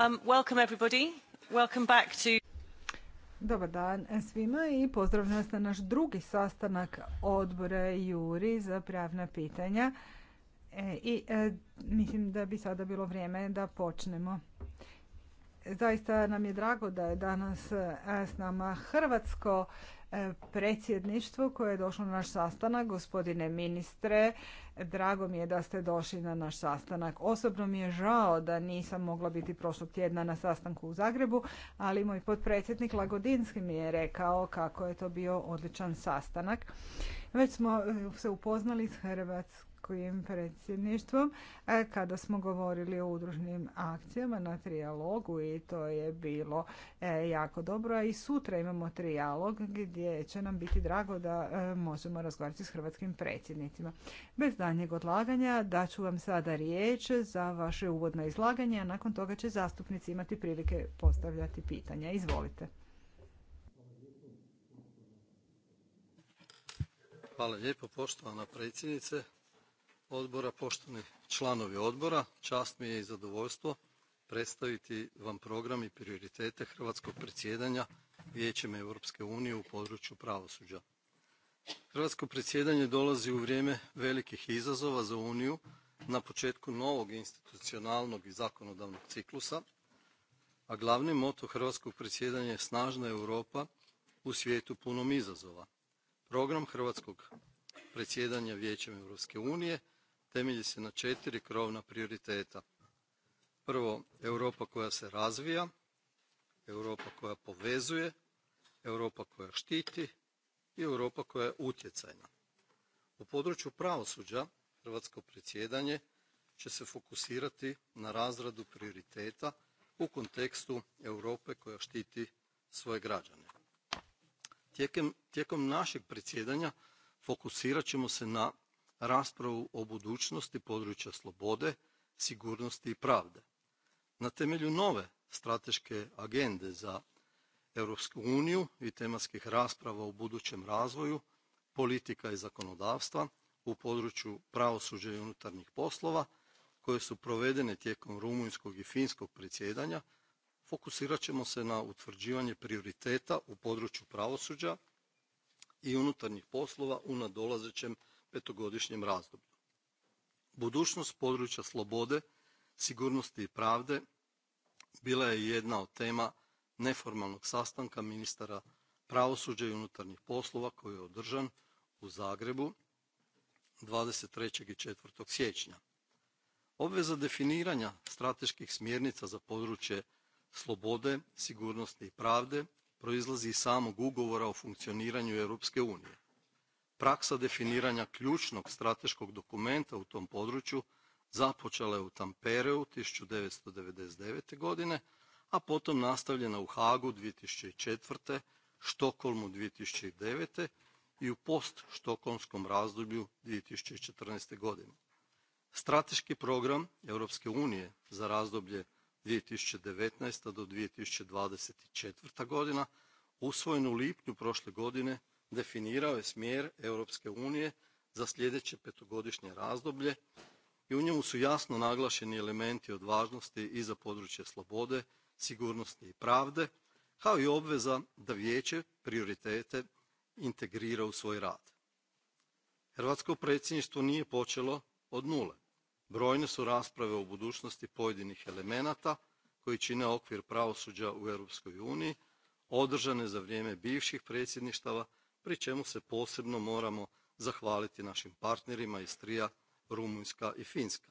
Um, welcome Dobar dan svima i pozdravljam ste na naš drugi sastanak odbora Juri za pravna pitanja. E, I e, mislim da bi sada bilo vrijeme da počnemo. Zaista nam je drago da je danas e, s nama hrvatsko E, predsjedništvo koje je došlo na naš sastanak. Gospodine ministre, drago mi je da ste došli na naš sastanak. Osobno mi je žao da nisam mogla biti prošlog tjedna na sastanku u Zagrebu, ali moj potpredsjednik Lagodinski mi je rekao kako je to bio odličan sastanak. Već smo e, se upoznali s Hrvatskom predsjedništvom e, kada smo govorili o udružnim akcijama na trijalogu i to je bilo e, jako dobro. A i sutra imamo trijalog gdje će nam biti drago da e, možemo razgovarati s hrvatskim predsjednicima. Bez danjeg odlaganja daću vam sada riječ za vaše uvodno izlaganje, a nakon toga će zastupnici imati prilike postavljati pitanja. Izvolite. Hvala lijepo poštovana predsjednice, odbora, poštovani članovi odbora. Čast mi je i zadovoljstvo predstaviti vam program i prioritete hrvatskog predsjedanja Vijećem Europske unije u području pravosuđa. Hrvatsko predsjedanje dolazi u vrijeme velikih izazova za Uniju na početku novog institucionalnog i zakonodavnog ciklusa, a glavni moto hrvatskog predsjedanja je snažna Europa u svijetu punom izazova. Program hrvatskog predsjedanja Vijećem Europske unije temelji se na četiri krovna prioriteta. Prvo, Europa koja se razvija, Europa koja povezuje, Europa koja štiti i Europa koja je utjecajna. U području pravosuđa hrvatsko predsjedanje će se fokusirati na razradu prioriteta u kontekstu Europe koja štiti svoje građane. Tijekom, našeg predsjedanja fokusirat ćemo se na raspravu o budućnosti područja slobode, sigurnosti i pravde. Na temelju nove strateške agende za Europsku uniju i tematskih rasprava o budućem razvoju, politika i zakonodavstva u području pravosuđa i unutarnjih poslova koje su provedene tijekom rumunjskog i finskog predsjedanja fokusirat ćemo se na utvrđivanje prioriteta u području pravosuđa i unutarnjih poslova u nadolazećem petogodišnjem razdoblju. Budućnost područja slobode, sigurnosti i pravde bila je jedna od tema neformalnog sastanka ministara pravosuđa i unutarnjih poslova koji je održan u Zagrebu 23. i 4. siječnja. Obveza definiranja strateških smjernica za područje slobode, sigurnosti i pravde proizlazi iz samog ugovora o funkcioniranju Europske unije. Praksa definiranja ključnog strateškog dokumenta u tom području započela je u Tampereu 1999. godine, a potom nastavljena u Hagu 2004., Štokholmu 2009. i u post-štokolmskom razdoblju 2014. godine. Strateški program Europske unije za razdoblje 2019. do 2024. godina usvojen u lipnju prošle godine definirao je smjer Europske unije za sljedeće petogodišnje razdoblje i u njemu su jasno naglašeni elementi od važnosti i za područje slobode, sigurnosti i pravde, kao i obveza da vijeće prioritete integrira u svoj rad. Hrvatsko predsjedništvo nije počelo od nule. Brojne su rasprave o budućnosti pojedinih elemenata koji čine okvir pravosuđa u Europskoj uniji održane za vrijeme bivših predsjedništava pri čemu se posebno moramo zahvaliti našim partnerima iz trija Rumunjska i Finska.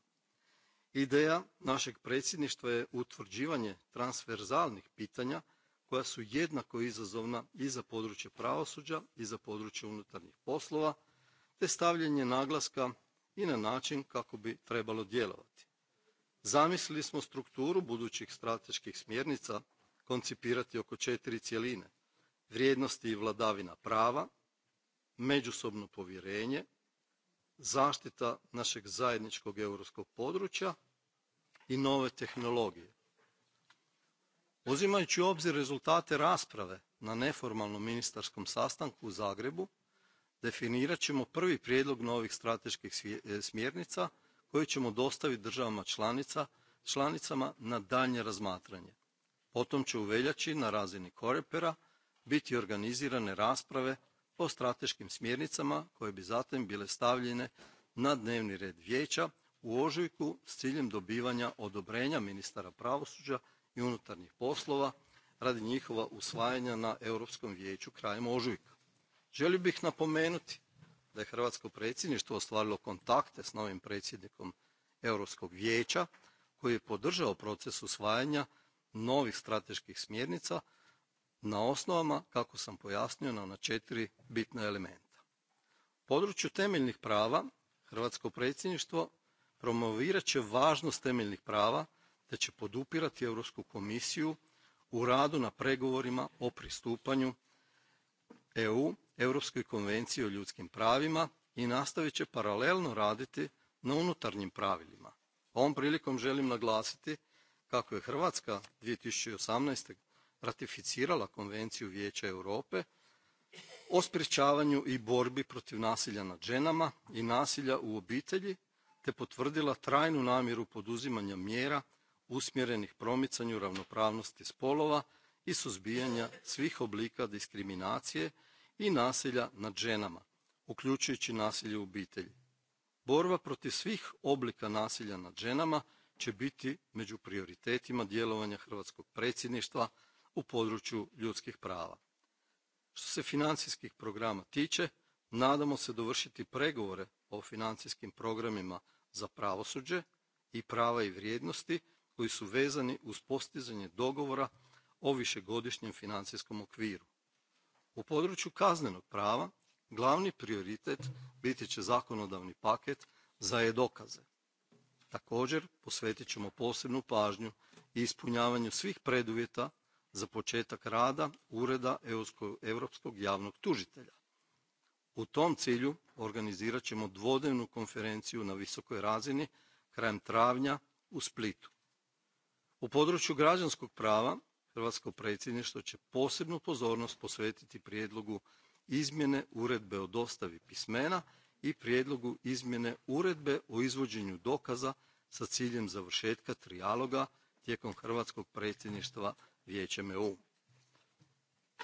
Ideja našeg predsjedništva je utvrđivanje transverzalnih pitanja koja su jednako izazovna i za područje pravosuđa i za područje unutarnjih poslova, te stavljanje naglaska i na način kako bi trebalo djelovati. Zamislili smo strukturu budućih strateških smjernica koncipirati oko četiri cjeline vrijednosti i vladavina prava, međusobno povjerenje, zaštita našeg zajedničkog europskog područja i nove tehnologije. Uzimajući u obzir rezultate rasprave na neformalnom ministarskom sastanku u Zagrebu, definirat ćemo prvi prijedlog novih strateških e, smjernica koje ćemo dostaviti državama članica, članicama na daljnje razmatranje. Potom će u veljači na razini Korepera biti organizirane rasprave o strateškim smjernicama koje bi zatim bile stavljene na dnevni red vijeća u ožujku s ciljem dobivanja odobrenja ministara pravosuđa i unutarnjih poslova radi njihova usvajanja na Europskom vijeću krajem ožujka. Želio bih napomenuti da je hrvatsko predsjedništvo ostvarilo kontakte s novim predsjednikom Europskog vijeća koji je podržao proces usvajanja novih strateških smjernica na osnovama, kako sam pojasnio, na ona četiri bitna elementa. U području temeljnih prava Hrvatsko predsjedništvo promovirat će važnost temeljnih prava te će podupirati Europsku komisiju u radu na pregovorima o pristupanju EU, Europskoj konvenciji o ljudskim pravima i nastavit će paralelno raditi na unutarnjim pravilima. Ovom prilikom želim naglasiti kako je Hrvatska 2018 ratificirala Konvenciju Vijeća Europe o sprječavanju i borbi protiv nasilja nad ženama i nasilja u obitelji te potvrdila trajnu namjeru poduzimanja mjera usmjerenih promicanju ravnopravnosti spolova i suzbijanja svih oblika diskriminacije i nasilja nad ženama, uključujući nasilje u obitelji. Borba protiv svih oblika nasilja nad ženama će biti među prioritetima djelovanja hrvatskog predsjedništva u području ljudskih prava. Što se financijskih programa tiče, nadamo se dovršiti pregovore o financijskim programima za pravosuđe i prava i vrijednosti koji su vezani uz postizanje dogovora o višegodišnjem financijskom okviru. U području kaznenog prava glavni prioritet biti će zakonodavni paket za e-dokaze. Također posvetit ćemo posebnu pažnju i ispunjavanju svih preduvjeta za početak rada Ureda Europskog javnog tužitelja. U tom cilju organizirat ćemo dvodnevnu konferenciju na visokoj razini krajem travnja u Splitu. U području građanskog prava Hrvatsko predsjedništvo će posebnu pozornost posvetiti prijedlogu izmjene uredbe o dostavi pismena i prijedlogu izmjene uredbe o izvođenju dokaza sa ciljem završetka trijaloga tijekom hrvatskog predsjedništva Vijećem EU.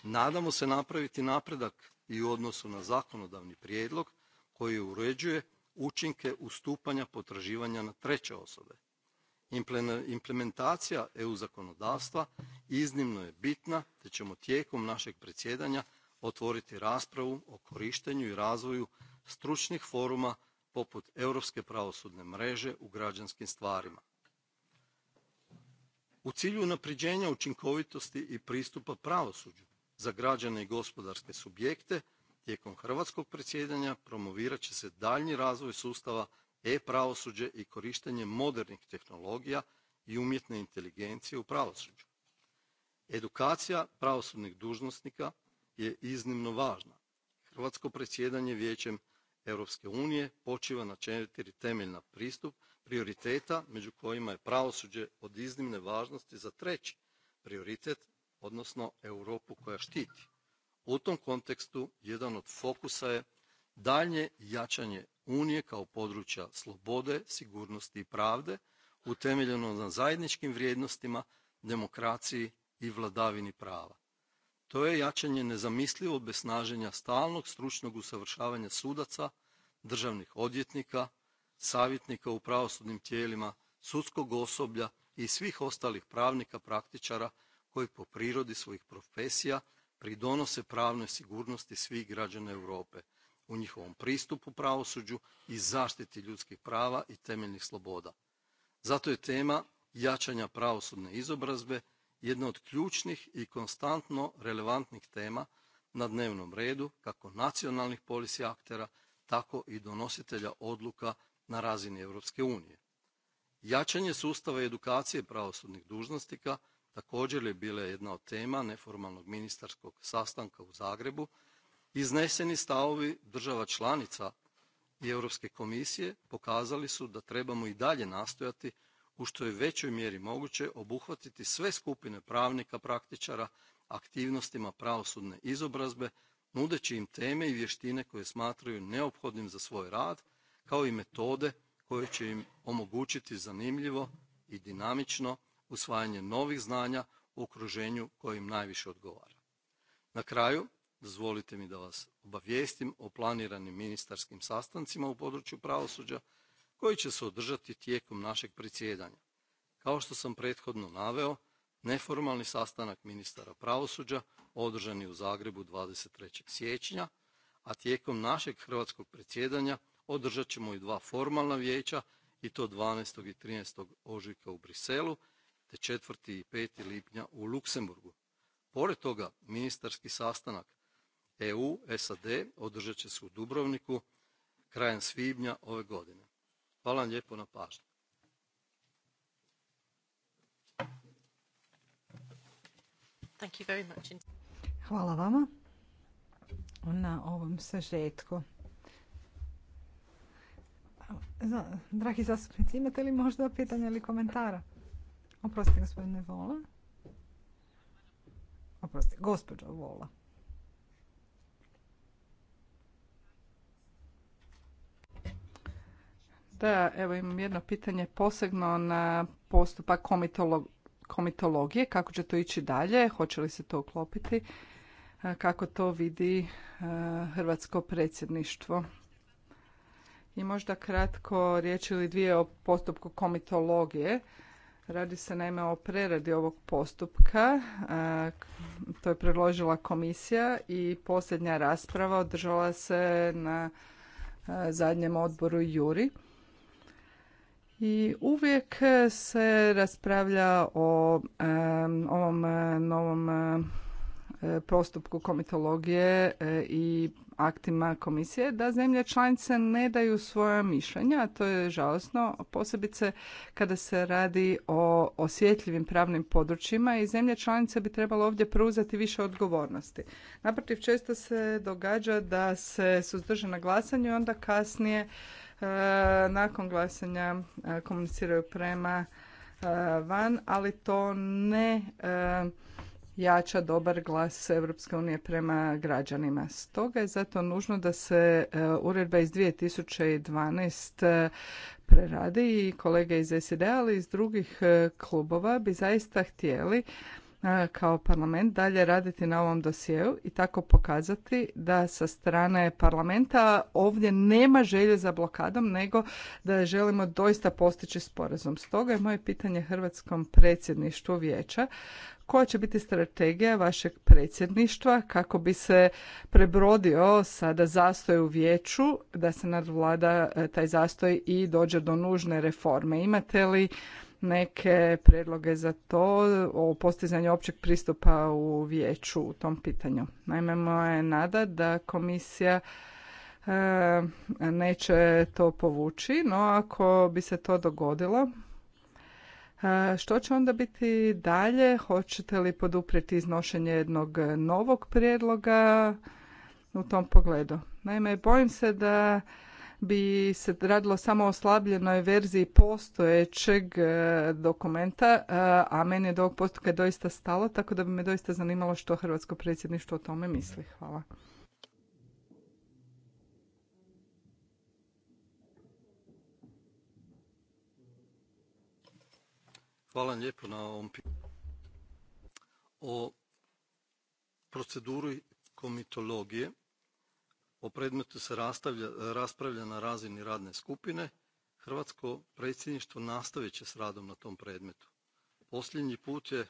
Nadamo se napraviti napredak i u odnosu na zakonodavni prijedlog koji uređuje učinke ustupanja potraživanja na treće osobe. Implementacija EU zakonodavstva iznimno je bitna te ćemo tijekom našeg predsjedanja otvoriti raspravu o korištenju i razvoju stručnih foruma poput Europske pravosudne mreže u građanskim stvarima. U cilju unapređenja učinkovitosti i pristupa pravosuđu za građane i gospodarske subjekte tijekom hrvatskog predsjedanja promovirat će se daljnji razvoj sustava e-pravosuđe i korištenje modernih tehnologija i umjetne inteligencije u pravosuđu. Edukacija pravosudnih dužnosnika je iznimno važna. Hrvatsko predsjedanje Vijećem Europske unije počiva na četiri temeljna pristup prioriteta među kojima je pravosuđe od iznimne važnosti za treći prioritet, odnosno Europu koja štiti. U tom kontekstu jedan od fokusa je daljnje jačanje Unije kao područja slobode, sigurnosti i pravde utemeljeno na zajedničkim vrijednostima, demokraciji i vladavini prava. To je jačanje nezamislivo bez snaženja stalnog stručnog usavršavanja sudaca, državnih odvjetnika, savjetnika u pravosudnim tijelima, sudskog osoblja i svih ostalih pravnika praktičara koji po prirodi svojih profesija pridonose pravnoj sigurnosti svih građana Europe u njihovom pristupu pravosuđu i zaštiti ljudskih prava i temeljnih sloboda. Zato je tema jačanja pravosudne izobrazbe jedna od ključnih i konstantno relevantnih tema na dnevnom redu kako nacionalnih polisi aktera, tako i donositelja odluka na razini Europske unije. Jačanje sustava edukacije pravosudnih dužnosnika također je bila jedna od tema neformalnog ministarskog sastanka u Zagrebu. Izneseni stavovi država članica i Europske komisije pokazali su da trebamo i dalje nastojati u što je većoj mjeri moguće obuhvatiti sve skupine pravnika praktičara aktivnostima pravosudne izobrazbe nudeći im teme i vještine koje smatraju neophodnim za svoj rad kao i metode koje će im omogućiti zanimljivo i dinamično usvajanje novih znanja u okruženju koje im najviše odgovara. Na kraju, dozvolite mi da vas obavijestim o planiranim ministarskim sastancima u području pravosuđa koji će se održati tijekom našeg predsjedanja. Kao što sam prethodno naveo, neformalni sastanak ministara pravosuđa održan je u Zagrebu 23. siječnja, a tijekom našeg hrvatskog predsjedanja održat ćemo i dva formalna vijeća i to 12. i 13. ožujka u Briselu te 4. i 5. lipnja u Luksemburgu. Pored toga, ministarski sastanak EU SAD održat će se u Dubrovniku krajem svibnja ove godine. Hvala vam lijepo na pažnju. Hvala vama na ovom sažetku. Dragi zastupnici, imate li možda pitanja ili komentara? Oprostite, gospodine Vola. Oprostite, gospođo Vola. Da, evo imam jedno pitanje posebno na postupak komitologije. Kako će to ići dalje? Hoće li se to uklopiti? Kako to vidi Hrvatsko predsjedništvo? I možda kratko riječ ili dvije o postupku komitologije. Radi se naime o preradi ovog postupka. To je predložila komisija i posljednja rasprava održala se na zadnjem odboru Juri. I uvijek se raspravlja o ovom novom postupku komitologije e, i aktima komisije da zemlje članice ne daju svoja mišljenja, a to je žalosno, posebice kada se radi o osjetljivim pravnim područjima i zemlje članice bi trebalo ovdje preuzeti više odgovornosti. Naprotiv, često se događa da se suzdrže na glasanju i onda kasnije e, nakon glasanja e, komuniciraju prema e, van, ali to ne jača dobar glas Europske unije prema građanima. Stoga je zato nužno da se e, uredba iz 2012 e, preradi i kolege iz SED, ali iz drugih e, klubova bi zaista htjeli kao parlament dalje raditi na ovom dosjeu i tako pokazati da sa strane parlamenta ovdje nema želje za blokadom nego da želimo doista postići sporazum. Stoga je moje pitanje Hrvatskom predsjedništvu vijeća koja će biti strategija vašeg predsjedništva kako bi se prebrodio sada zastoj u vijeću, da se nadvlada e, taj zastoj i dođe do nužne reforme. Imate li neke predloge za to o postizanju općeg pristupa u vijeću u tom pitanju. Naime, moja je nada da komisija e, neće to povući, no ako bi se to dogodilo, što će onda biti dalje? Hoćete li poduprijeti iznošenje jednog novog prijedloga u tom pogledu? Naime, bojim se da bi se radilo samo o slabljenoj verziji postojećeg e, dokumenta, e, a meni je do ovog postupka doista stalo, tako da bi me doista zanimalo što Hrvatsko predsjedništvo o tome misli. Hvala. Hvala lijepo na ovom O proceduri komitologije o predmetu se raspravlja na razini radne skupine. Hrvatsko predsjedništvo nastavit će s radom na tom predmetu. Posljednji put je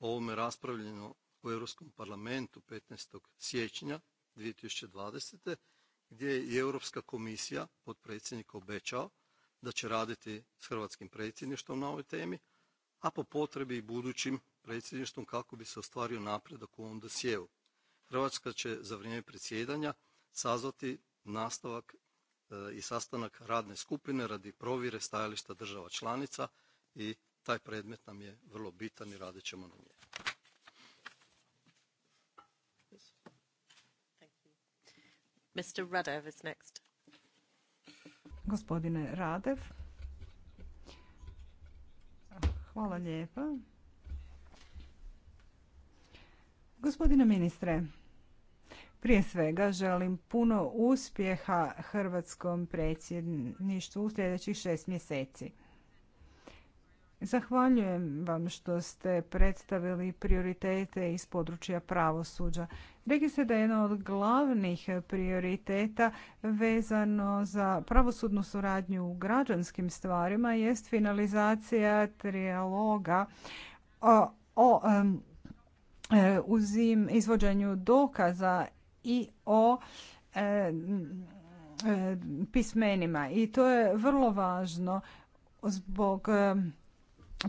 o ovome raspravljeno u Europskom parlamentu 15. siječnja 2020. gdje je i Europska komisija potpredsjednik obećao da će raditi s hrvatskim predsjedništvom na ovoj temi, a po potrebi i budućim predsjedništvom kako bi se ostvario napredak u ovom dosjeu. Hrvatska će za vrijeme predsjedanja sazvati nastavak e, i sastanak radne skupine radi provjere stajališta država članica i taj predmet nam je vrlo bitan i radit ćemo na njemu. Gospodine Radev. Hvala lijepa. Gospodine ministre, prije svega želim puno uspjeha hrvatskom predsjedništvu u sljedećih šest mjeseci. Zahvaljujem vam što ste predstavili prioritete iz područja pravosuđa. Rekli ste da je jedan od glavnih prioriteta vezano za pravosudnu suradnju u građanskim stvarima jest finalizacija trijaloga o, e, izvođenju dokaza i o e, e, pismenima. I to je vrlo važno zbog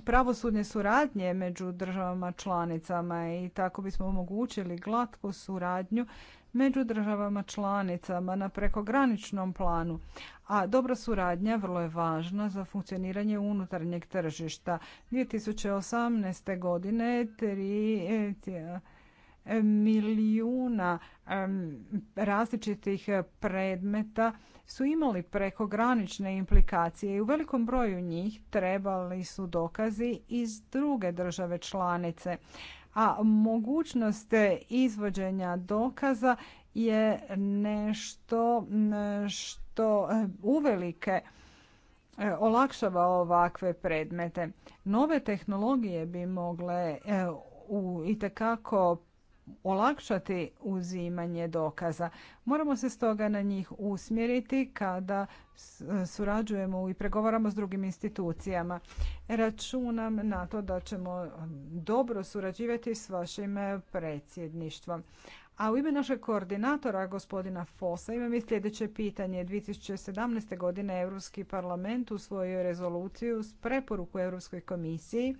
pravosudne suradnje među državama članicama i tako bismo omogućili glatku suradnju među državama članicama na prekograničnom planu, a dobra suradnja vrlo je važna za funkcioniranje unutarnjeg tržišta. 2018. godine tri e, milijuna različitih predmeta su imali prekogranične implikacije i u velikom broju njih trebali su dokazi iz druge države članice. A mogućnost izvođenja dokaza je nešto što uvelike eh, olakšava ovakve predmete. Nove tehnologije bi mogle eh, u itekako olakšati uzimanje dokaza. Moramo se stoga na njih usmjeriti kada surađujemo i pregovaramo s drugim institucijama. Računam na to da ćemo um, dobro surađivati s vašim eh, predsjedništvom. A u ime našeg koordinatora, gospodina Fosa, imam i sljedeće pitanje. 2017. godine Europski parlament usvojio rezoluciju s preporuku Europskoj komisiji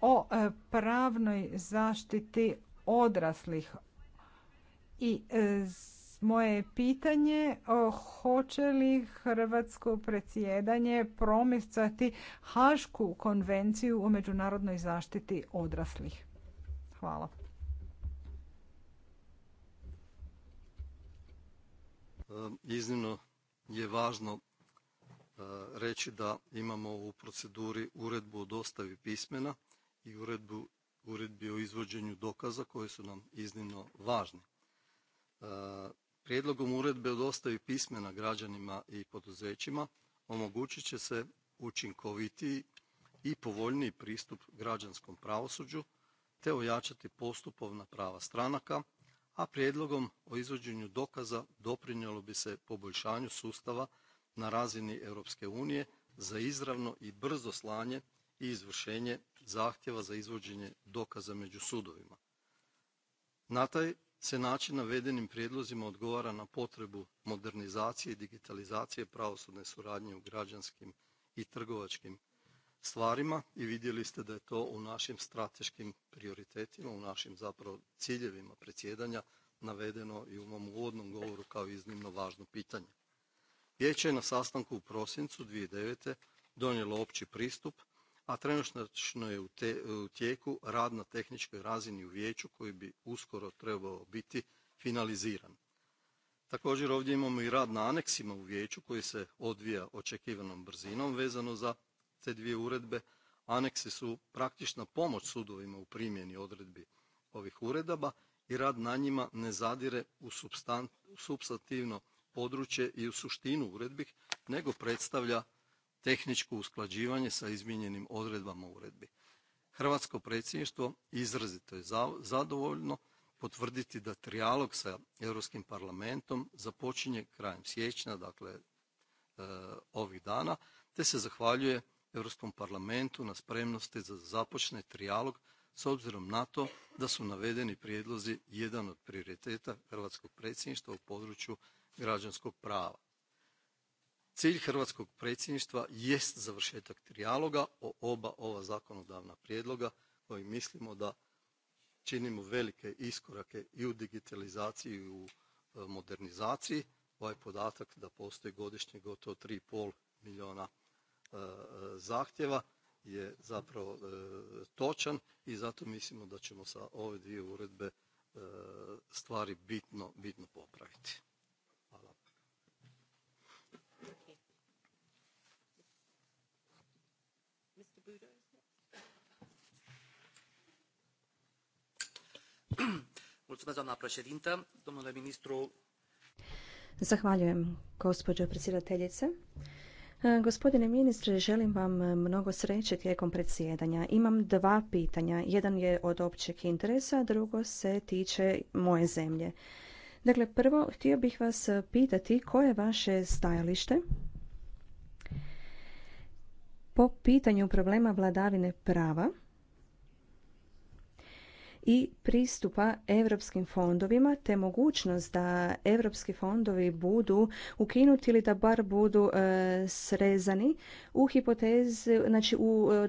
o eh, pravnoj zaštiti odraslih. I e, moje pitanje hoće li hrvatsko predsjedanje promicati Hašku konvenciju o međunarodnoj zaštiti odraslih? Hvala. E, iznimno je važno e, reći da imamo u proceduri uredbu o dostavi pismena i uredbu uredbi o izvođenju dokaza koje su nam iznimno važne. E, prijedlogom uredbe o dostavi pismena građanima i poduzećima omogućit će se učinkovitiji i povoljniji pristup građanskom pravosuđu te ojačati postupovna prava stranaka, a prijedlogom o izvođenju dokaza doprinijelo bi se poboljšanju sustava na razini Europske unije za izravno i brzo slanje i izvršenje zahtjeva za izvođenje dokaza među sudovima. Na taj se način navedenim prijedlozima odgovara na potrebu modernizacije i digitalizacije pravosudne suradnje u građanskim i trgovačkim stvarima i vidjeli ste da je to u našim strateškim prioritetima, u našim zapravo ciljevima predsjedanja navedeno i u mom uvodnom govoru kao iznimno važno pitanje. Vijeće je na sastanku u prosincu 2009. donijelo opći pristup a trenutačno je u, tijeku rad na tehničkoj razini u vijeću koji bi uskoro trebao biti finaliziran. Također ovdje imamo i rad na aneksima u vijeću koji se odvija očekivanom brzinom vezano za te dvije uredbe. Aneksi su praktična pomoć sudovima u primjeni odredbi ovih uredaba i rad na njima ne zadire u substantivno područje i u suštinu uredbi nego predstavlja tehničko usklađivanje sa izmijenjenim odredbama uredbi. Hrvatsko predsjedništvo izrazito je zadovoljno potvrditi da trijalog sa Europskim parlamentom započinje krajem siječnja, dakle e, ovih dana, te se zahvaljuje Europskom parlamentu na spremnosti za započne trijalog s obzirom na to da su navedeni prijedlozi jedan od prioriteta hrvatskog predsjedništva u području građanskog prava. Cilj hrvatskog predsjedništva jest završetak trijaloga o oba ova zakonodavna prijedloga koji mislimo da činimo velike iskorake i u digitalizaciji i u e, modernizaciji. Ovaj podatak da postoji godišnje gotovo 3,5 milijuna e, zahtjeva je zapravo e, točan i zato mislimo da ćemo sa ove dvije uredbe stvari bitno, bitno popraviti. ministru. Zahvaljujem, gospođo predsjedateljice. E, gospodine ministre, želim vam e, mnogo sreće tijekom predsjedanja. Imam dva pitanja. Jedan je od općeg interesa, drugo se tiče moje zemlje. Dakle, prvo htio bih vas pitati koje je vaše stajalište po pitanju problema vladavine prava i pristupa europskim fondovima te mogućnost da europski fondovi budu ukinuti ili da bar budu e, srezani u hipotezi, znači u, e,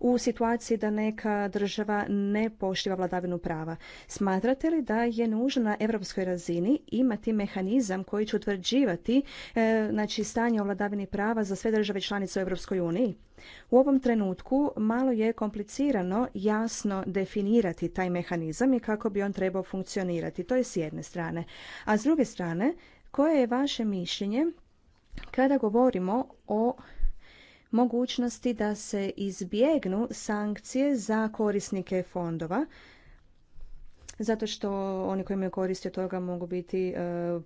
u situaciji da neka država ne poštiva vladavinu prava. Smatrate li da je nužno na europskoj razini imati mehanizam koji će utvrđivati e, znači stanje o vladavini prava za sve države članice u Europskoj uniji? U ovom trenutku malo je komplicirano jasno definirati taj mehanizam i kako bi on trebao funkcionirati. To je s jedne strane. A s druge strane, koje je vaše mišljenje kada govorimo o mogućnosti da se izbjegnu sankcije za korisnike fondova zato što oni koji imaju koristi od toga mogu biti e,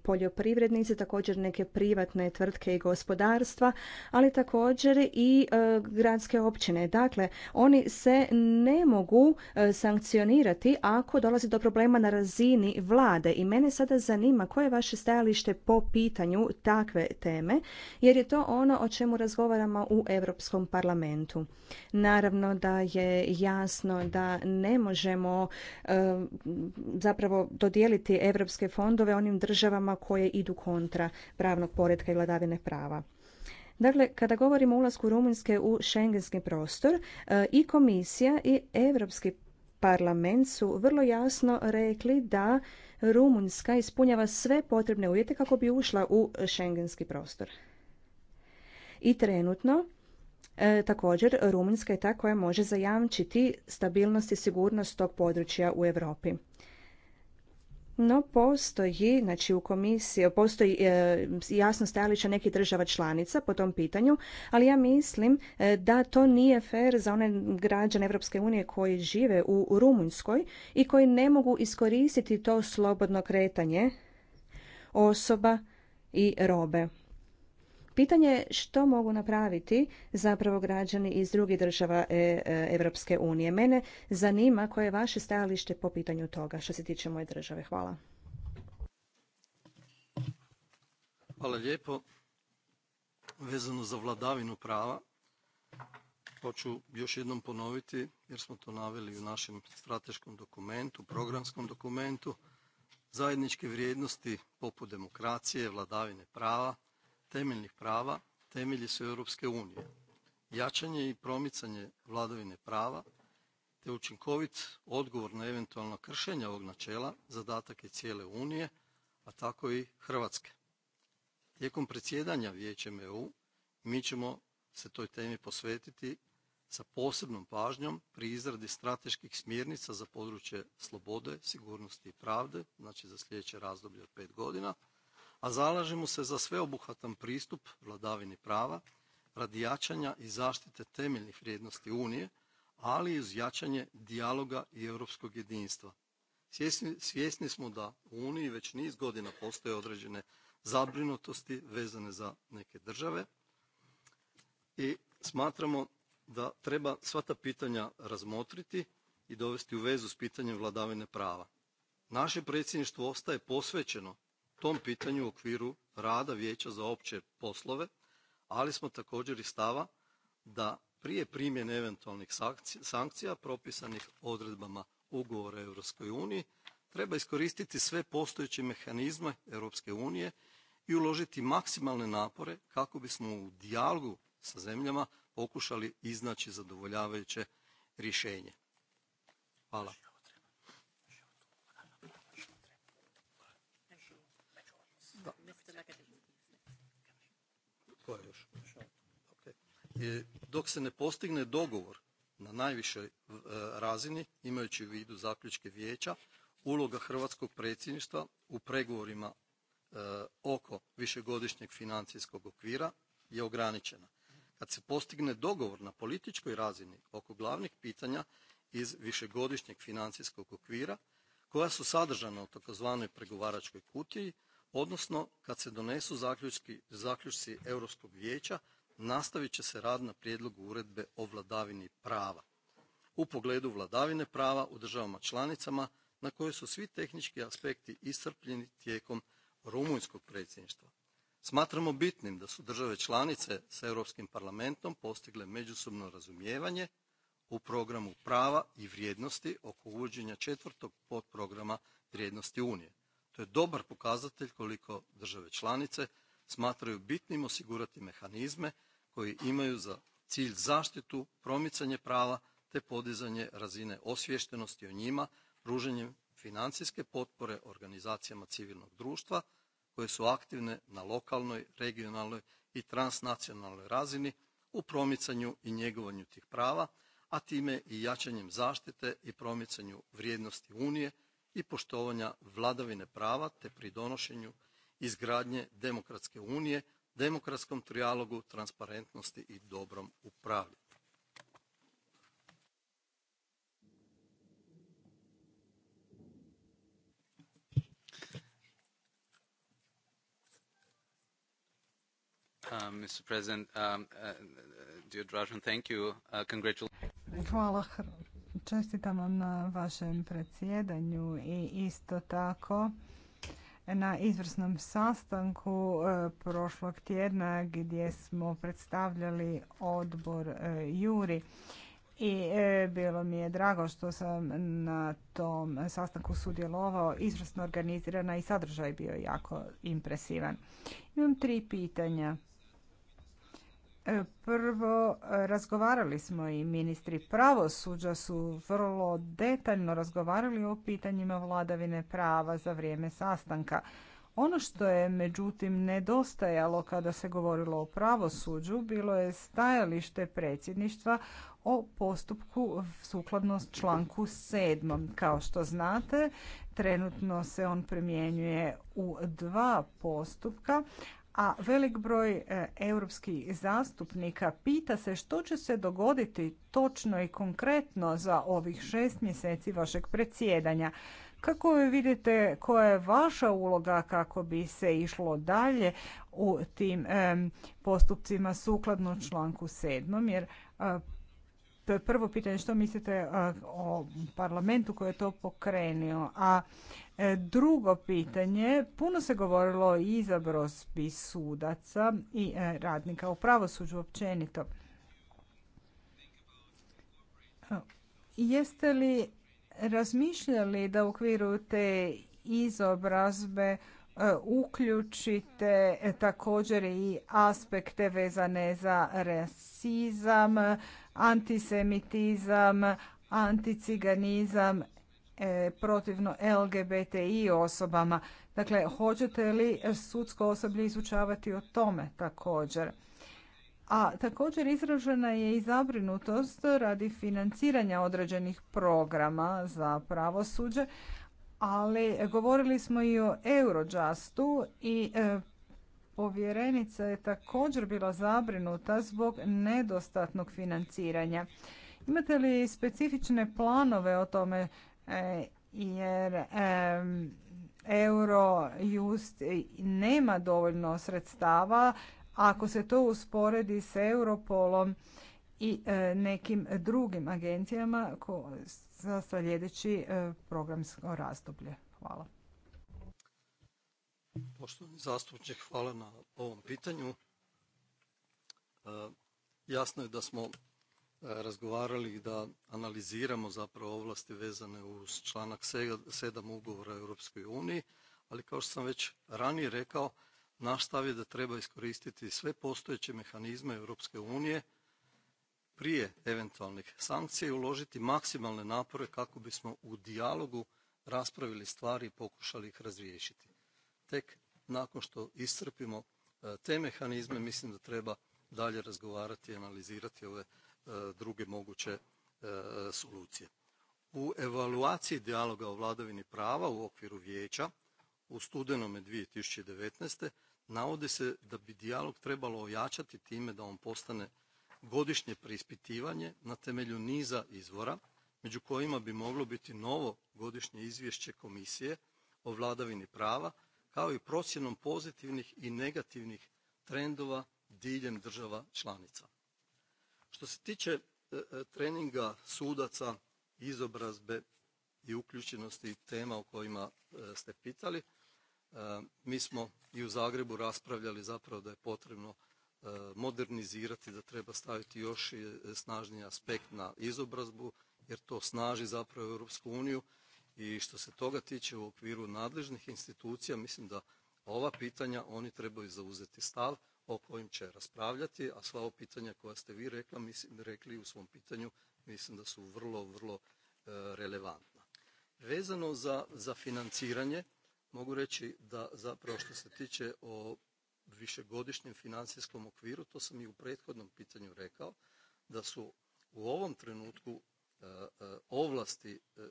poljoprivrednici, također neke privatne tvrtke i gospodarstva, ali također i e, gradske općine. Dakle, oni se ne mogu e, sankcionirati ako dolazi do problema na razini vlade. I mene sada zanima koje je vaše stajalište po pitanju takve teme, jer je to ono o čemu razgovaramo u Europskom parlamentu. Naravno da je jasno da ne možemo zapravo dodijeliti europske fondove onim državama koje idu kontra pravnog poretka i vladavine prava. Dakle, kada govorimo o ulasku Rumunjske u šengenski prostor, eh, i komisija i Europski parlament su vrlo jasno rekli da Rumunjska ispunjava sve potrebne uvjete kako bi ušla u šengenski prostor. I trenutno E, također, Rumunjska je ta koja može zajamčiti stabilnost i sigurnost tog područja u Europi. No postoji, znači u komisiji, postoji e, jasno stajalište nekih država članica po tom pitanju, ali ja mislim e, da to nije fair za one građane Europske unije koji žive u Rumunjskoj i koji ne mogu iskoristiti to slobodno kretanje osoba i robe. Pitanje je što mogu napraviti zapravo građani iz drugih država Europske e, unije. Mene zanima koje je vaše stajalište po pitanju toga što se tiče moje države. Hvala. Hvala lijepo. Vezano za vladavinu prava, Hoću još jednom ponoviti jer smo to naveli u našem strateškom dokumentu, programskom dokumentu. Zajedničke vrijednosti poput demokracije, vladavine prava, temeljnih prava temelji su Europske unije. Jačanje i promicanje vladavine prava te učinkovit odgovor na eventualno kršenje ovog načela zadatak je cijele Unije, a tako i Hrvatske. Tijekom predsjedanja Vijećem EU mi ćemo se toj temi posvetiti sa posebnom pažnjom pri izradi strateških smjernica za područje slobode, sigurnosti i pravde, znači za sljedeće razdoblje od pet godina, a zalažemo se za sveobuhvatan pristup vladavini prava radi jačanja i zaštite temeljnih vrijednosti Unije, ali i uz jačanje dijaloga i europskog jedinstva. Svjesni, svjesni smo da u Uniji već niz godina postoje određene zabrinutosti vezane za neke države i smatramo da treba sva ta pitanja razmotriti i dovesti u vezu s pitanjem vladavine prava. Naše predsjedništvo ostaje posvećeno tom pitanju u okviru rada Vijeća za opće poslove, ali smo također i stava da prije primjene eventualnih sankcija propisanih odredbama ugovora Europskoj uniji treba iskoristiti sve postojeće mehanizme Europske unije i uložiti maksimalne napore kako bismo u dijalogu sa zemljama pokušali iznaći zadovoljavajuće rješenje. Hvala. dok se ne postigne dogovor na najvišoj e, razini, imajući u vidu zaključke vijeća, uloga hrvatskog predsjedništva u pregovorima e, oko višegodišnjeg financijskog okvira je ograničena. Kad se postigne dogovor na političkoj razini oko glavnih pitanja iz višegodišnjeg financijskog okvira, koja su sadržana u takozvanoj pregovaračkoj kutiji, odnosno kad se donesu zaključci Europskog vijeća nastavit će se rad na prijedlogu uredbe o vladavini prava. U pogledu vladavine prava u državama članicama na koje su svi tehnički aspekti iscrpljeni tijekom rumunjskog predsjedništva. Smatramo bitnim da su države članice s Europskim parlamentom postigle međusobno razumijevanje u programu prava i vrijednosti oko uvođenja četvrtog podprograma vrijednosti Unije. To je dobar pokazatelj koliko države članice smatraju bitnim osigurati mehanizme koji imaju za cilj zaštitu, promicanje prava te podizanje razine osviještenosti o njima pružanjem financijske potpore organizacijama civilnog društva koje su aktivne na lokalnoj, regionalnoj i transnacionalnoj razini u promicanju i njegovanju tih prava, a time i jačanjem zaštite i promicanju vrijednosti Unije i poštovanja vladavine prava te pridonošenju izgradnje demokratske unije, demokratskom trijalogu, transparentnosti i dobrom upravljanju. Uh, um, uh, uh, Hvala. Čestitam vam na vašem predsjedanju i isto tako na izvrsnom sastanku e, prošlog tjedna gdje smo predstavljali odbor e, Juri. I e, bilo mi je drago što sam na tom sastanku sudjelovao, izvrsno organizirana i sadržaj bio jako impresivan. Imam tri pitanja. Prvo, e, razgovarali smo i ministri pravosuđa su vrlo detaljno razgovarali o pitanjima vladavine prava za vrijeme sastanka. Ono što je međutim nedostajalo kada se govorilo o pravosuđu bilo je stajalište predsjedništva o postupku sukladno članku 7. Kao što znate, trenutno se on primjenjuje u dva postupka, a velik broj e, europskih zastupnika pita se što će se dogoditi točno i konkretno za ovih šest mjeseci vašeg predsjedanja. Kako vi vidite koja je vaša uloga kako bi se išlo dalje u tim postupcima sukladno članku 7. jer e, to je prvo pitanje što mislite e, o parlamentu koji je to pokrenio. A e, drugo pitanje, puno se govorilo o izabrosbi sudaca i e, radnika u pravosuđu općenito. Jeste li razmišljali da u okviru te izobrazbe uključite također i aspekte vezane za rasizam, antisemitizam, anticiganizam, e, protivno LGBTI osobama. Dakle, hoćete li sudsko osoblje izučavati o tome također? A također izražena je i zabrinutost radi financiranja određenih programa za pravosuđe, ali govorili smo i o Eurojustu i e, povjerenica je također bila zabrinuta zbog nedostatnog financiranja. Imate li specifične planove o tome e, jer euro nema dovoljno sredstava ako se to usporedi s Europolom i e, nekim drugim agencijama za sljedeći e, programsko razdoblje. Hvala. Poštovani zastupniče, hvala na ovom pitanju. E, jasno je da smo e, razgovarali i da analiziramo zapravo ovlasti vezane uz članak 7 ugovora Europskoj uniji, ali kao što sam već ranije rekao, naš stav je da treba iskoristiti sve postojeće mehanizme Europske unije prije eventualnih sankcija i uložiti maksimalne napore kako bismo u dijalogu raspravili stvari i pokušali ih razriješiti tek nakon što iscrpimo e, te mehanizme mislim da treba dalje razgovarati i analizirati ove e, druge moguće e, solucije. U evaluaciji dijaloga o vladavini prava u okviru vijeća u studenome 2019. navodi se da bi dijalog trebalo ojačati time da on postane godišnje preispitivanje na temelju niza izvora među kojima bi moglo biti novo godišnje izvješće komisije o vladavini prava kao i procjenom pozitivnih i negativnih trendova diljem država članica. Što se tiče e, e, treninga sudaca, izobrazbe i uključenosti tema o kojima e, ste pitali, mi smo i u Zagrebu raspravljali zapravo da je potrebno modernizirati, da treba staviti još snažniji aspekt na izobrazbu jer to snaži zapravo Europsku uniju i što se toga tiče u okviru nadležnih institucija, mislim da ova pitanja oni trebaju zauzeti stav o kojim će raspravljati, a sva ova pitanja koja ste vi rekla, mislim, rekli u svom pitanju, mislim da su vrlo, vrlo e, relevantna. Vezano za, za financiranje, mogu reći da zapravo što se tiče o višegodišnjem financijskom okviru, to sam i u prethodnom pitanju rekao, da su u ovom trenutku E, e, ovlasti e,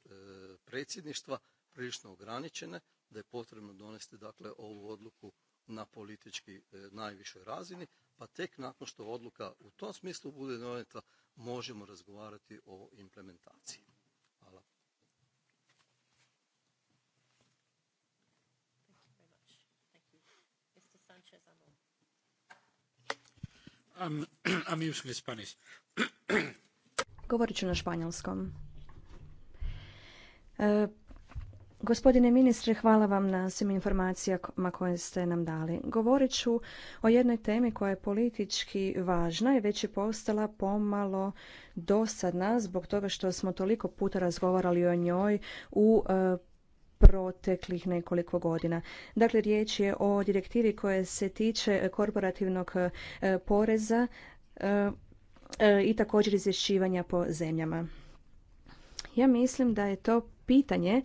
predsjedništva prilično ograničene, da je potrebno donesti dakle ovu odluku na politički najvišoj razini, pa tek nakon što odluka u tom smislu bude donijeta možemo razgovarati o implementaciji. Hvala. I'm, I'm using Spanish. Govorit ću na španjolskom. E, gospodine ministre, hvala vam na svim informacijama koje ste nam dali. Govorit ću o jednoj temi koja je politički važna i već je postala pomalo dosadna zbog toga što smo toliko puta razgovarali o njoj u e, proteklih nekoliko godina. Dakle, riječ je o direktivi koja se tiče korporativnog e, poreza E, i također izvješćivanja po zemljama. Ja mislim da je to pitanje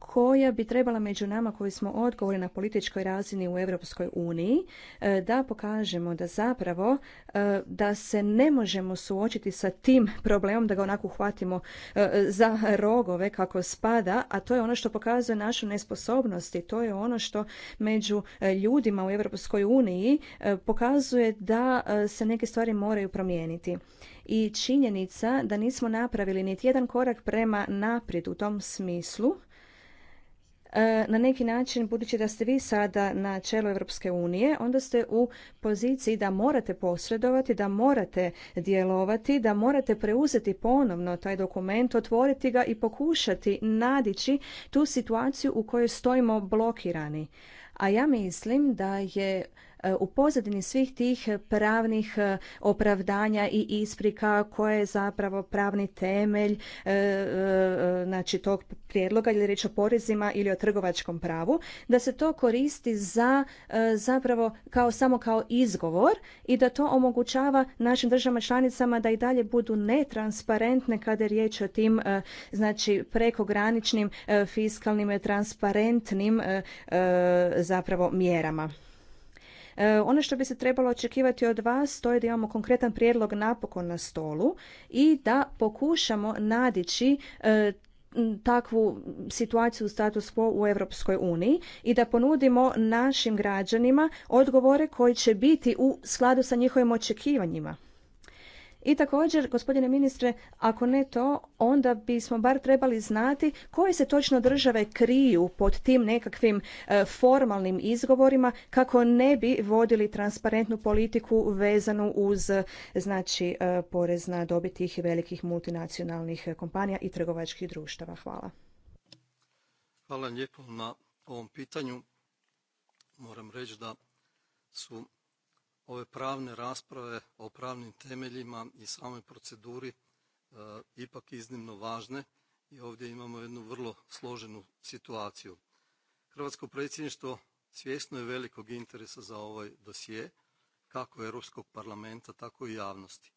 koja bi trebala među nama koji smo odgovorni na političkoj razini u Europskoj uniji e, da pokažemo da zapravo e, da se ne možemo suočiti sa tim problemom da ga onako uhvatimo e, za rogove kako spada, a to je ono što pokazuje našu nesposobnost i to je ono što među ljudima u Europskoj uniji pokazuje da se neke stvari moraju promijeniti i činjenica da nismo napravili niti jedan korak prema naprijed u tom smislu E, na neki način, budući da ste vi sada na čelu Europske unije, onda ste u poziciji da morate posredovati, da morate djelovati, da morate preuzeti ponovno taj dokument, otvoriti ga i pokušati nadići tu situaciju u kojoj stojimo blokirani. A ja mislim da je E, u pozadini svih tih e, pravnih e, opravdanja i isprika koje je zapravo pravni temelj znači tog prijedloga ili riječ o porezima ili o trgovačkom pravu, da se to koristi za zapravo kao samo kao izgovor i da to omogućava našim državama članicama da i dalje budu netransparentne kada je riječ o tim znači prekograničnim fiskalnim i transparentnim zapravo mjerama. E, ono što bi se trebalo očekivati od vas to je da imamo konkretan prijedlog napokon na stolu i da pokušamo nadići e, takvu situaciju status quo u Europskoj uniji i da ponudimo našim građanima odgovore koji će biti u skladu sa njihovim očekivanjima. I također, gospodine ministre, ako ne to, onda bismo bar trebali znati koje se točno države kriju pod tim nekakvim e, formalnim izgovorima kako ne bi vodili transparentnu politiku vezanu uz znači e, porez na dobit tih velikih multinacionalnih kompanija i trgovačkih društava. Hvala. Hvala lijepo na ovom pitanju. Moram reći da su ove pravne rasprave o pravnim temeljima i samoj proceduri e, ipak iznimno važne i ovdje imamo jednu vrlo složenu situaciju. Hrvatsko predsjedništvo svjesno je velikog interesa za ovaj dosije, kako Europskog parlamenta, tako i javnosti.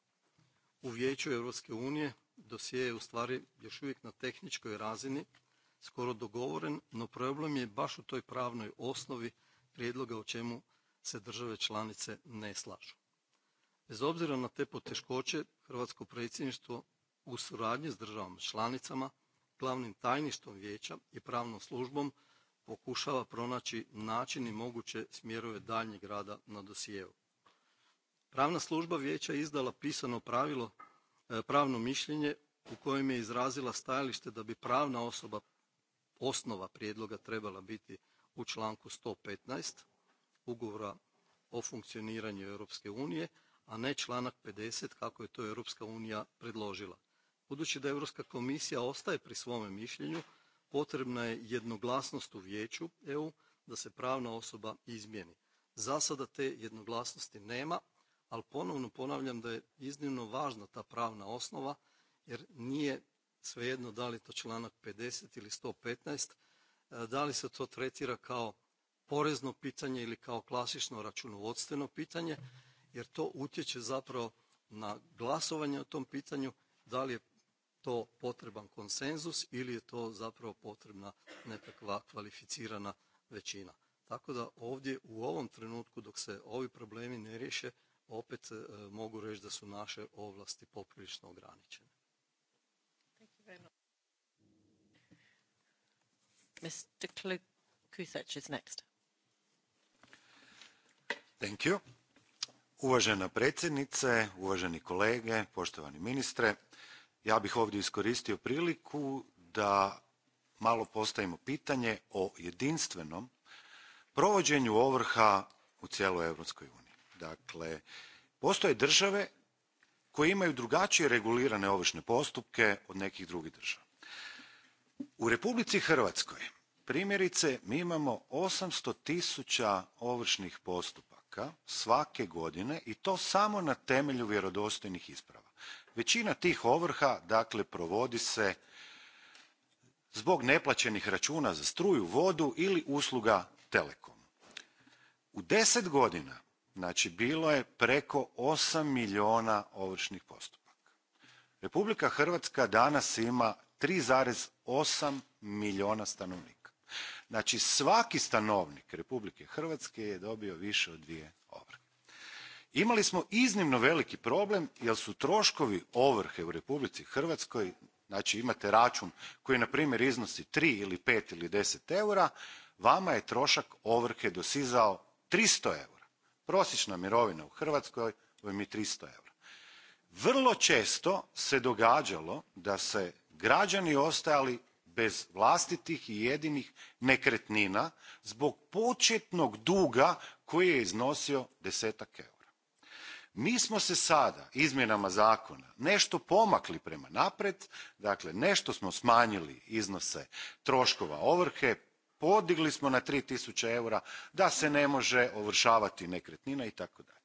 U Vijeću Europske unije dosje je ustvari još uvijek na tehničkoj razini skoro dogovoren, no problem je baš u toj pravnoj osnovi prijedloga o čemu se države članice ne slažu. Bez obzira na te poteškoće, Hrvatsko predsjedništvo u suradnji s državama članicama, glavnim tajništvom vijeća i pravnom službom pokušava pronaći način i moguće smjerove daljnjeg rada na dosijevu. Pravna služba vijeća je izdala pisano pravilo, e, pravno mišljenje u kojem je izrazila stajalište da bi pravna osoba osnova prijedloga trebala biti u članku 115, ugovora o funkcioniranju Europske unije, a ne članak 50 kako je to Europska unija predložila. Budući da Europska komisija ostaje pri svome mišljenju, potrebna je jednoglasnost u Vijeću EU da se pravna osoba izmijeni. Za sada te jednoglasnosti nema, ali ponovno ponavljam da je iznimno važna ta pravna osnova jer nije svejedno da li je to članak 50 ili 115, e, da li se to tretira kao porezno pitanje ili kao klasično računovodstveno pitanje jer to utječe zapravo na glasovanje o tom pitanju da li je to potreban konsenzus ili je to zapravo potrebna nekakva kvalificirana većina. Tako da ovdje u ovom trenutku dok se ovi problemi ne riješe opet e, mogu reći da su naše ovlasti poprilično ograničene. Mr. is next. Thank you. Uvažena predsjednice, uvaženi kolege, poštovani ministre, ja bih ovdje iskoristio priliku da malo postavimo pitanje o jedinstvenom provođenju ovrha u cijeloj Europskoj uniji. Dakle, postoje države koje imaju drugačije regulirane ovršne postupke od nekih drugih država. U Republici Hrvatskoj primjerice mi imamo 800 tisuća ovršnih postupaka svake godine i to samo na temelju vjerodostojnih isprava. Većina tih ovrha dakle provodi se zbog neplaćenih računa za struju, vodu ili usluga Telekom. U deset godina znači bilo je preko 8 milijuna ovršnih postupaka. Republika Hrvatska danas ima 3,8 milijuna stanovnika. Znači svaki stanovnik Republike Hrvatske je dobio više od dvije ovrhe. Imali smo iznimno veliki problem jer su troškovi ovrhe u Republici Hrvatskoj, znači imate račun koji na primjer iznosi 3 ili 5 ili 10 eura, vama je trošak ovrhe dosizao 300 eura. Prosječna mirovina u Hrvatskoj vam je 300 eura. Vrlo često se događalo da se građani ostajali bez vlastitih i jedinih nekretnina zbog početnog duga koji je iznosio desetak eura. Mi smo se sada izmjenama zakona nešto pomakli prema naprijed, dakle nešto smo smanjili iznose troškova ovrhe, podigli smo na 3000 eura da se ne može ovršavati nekretnina i tako dalje.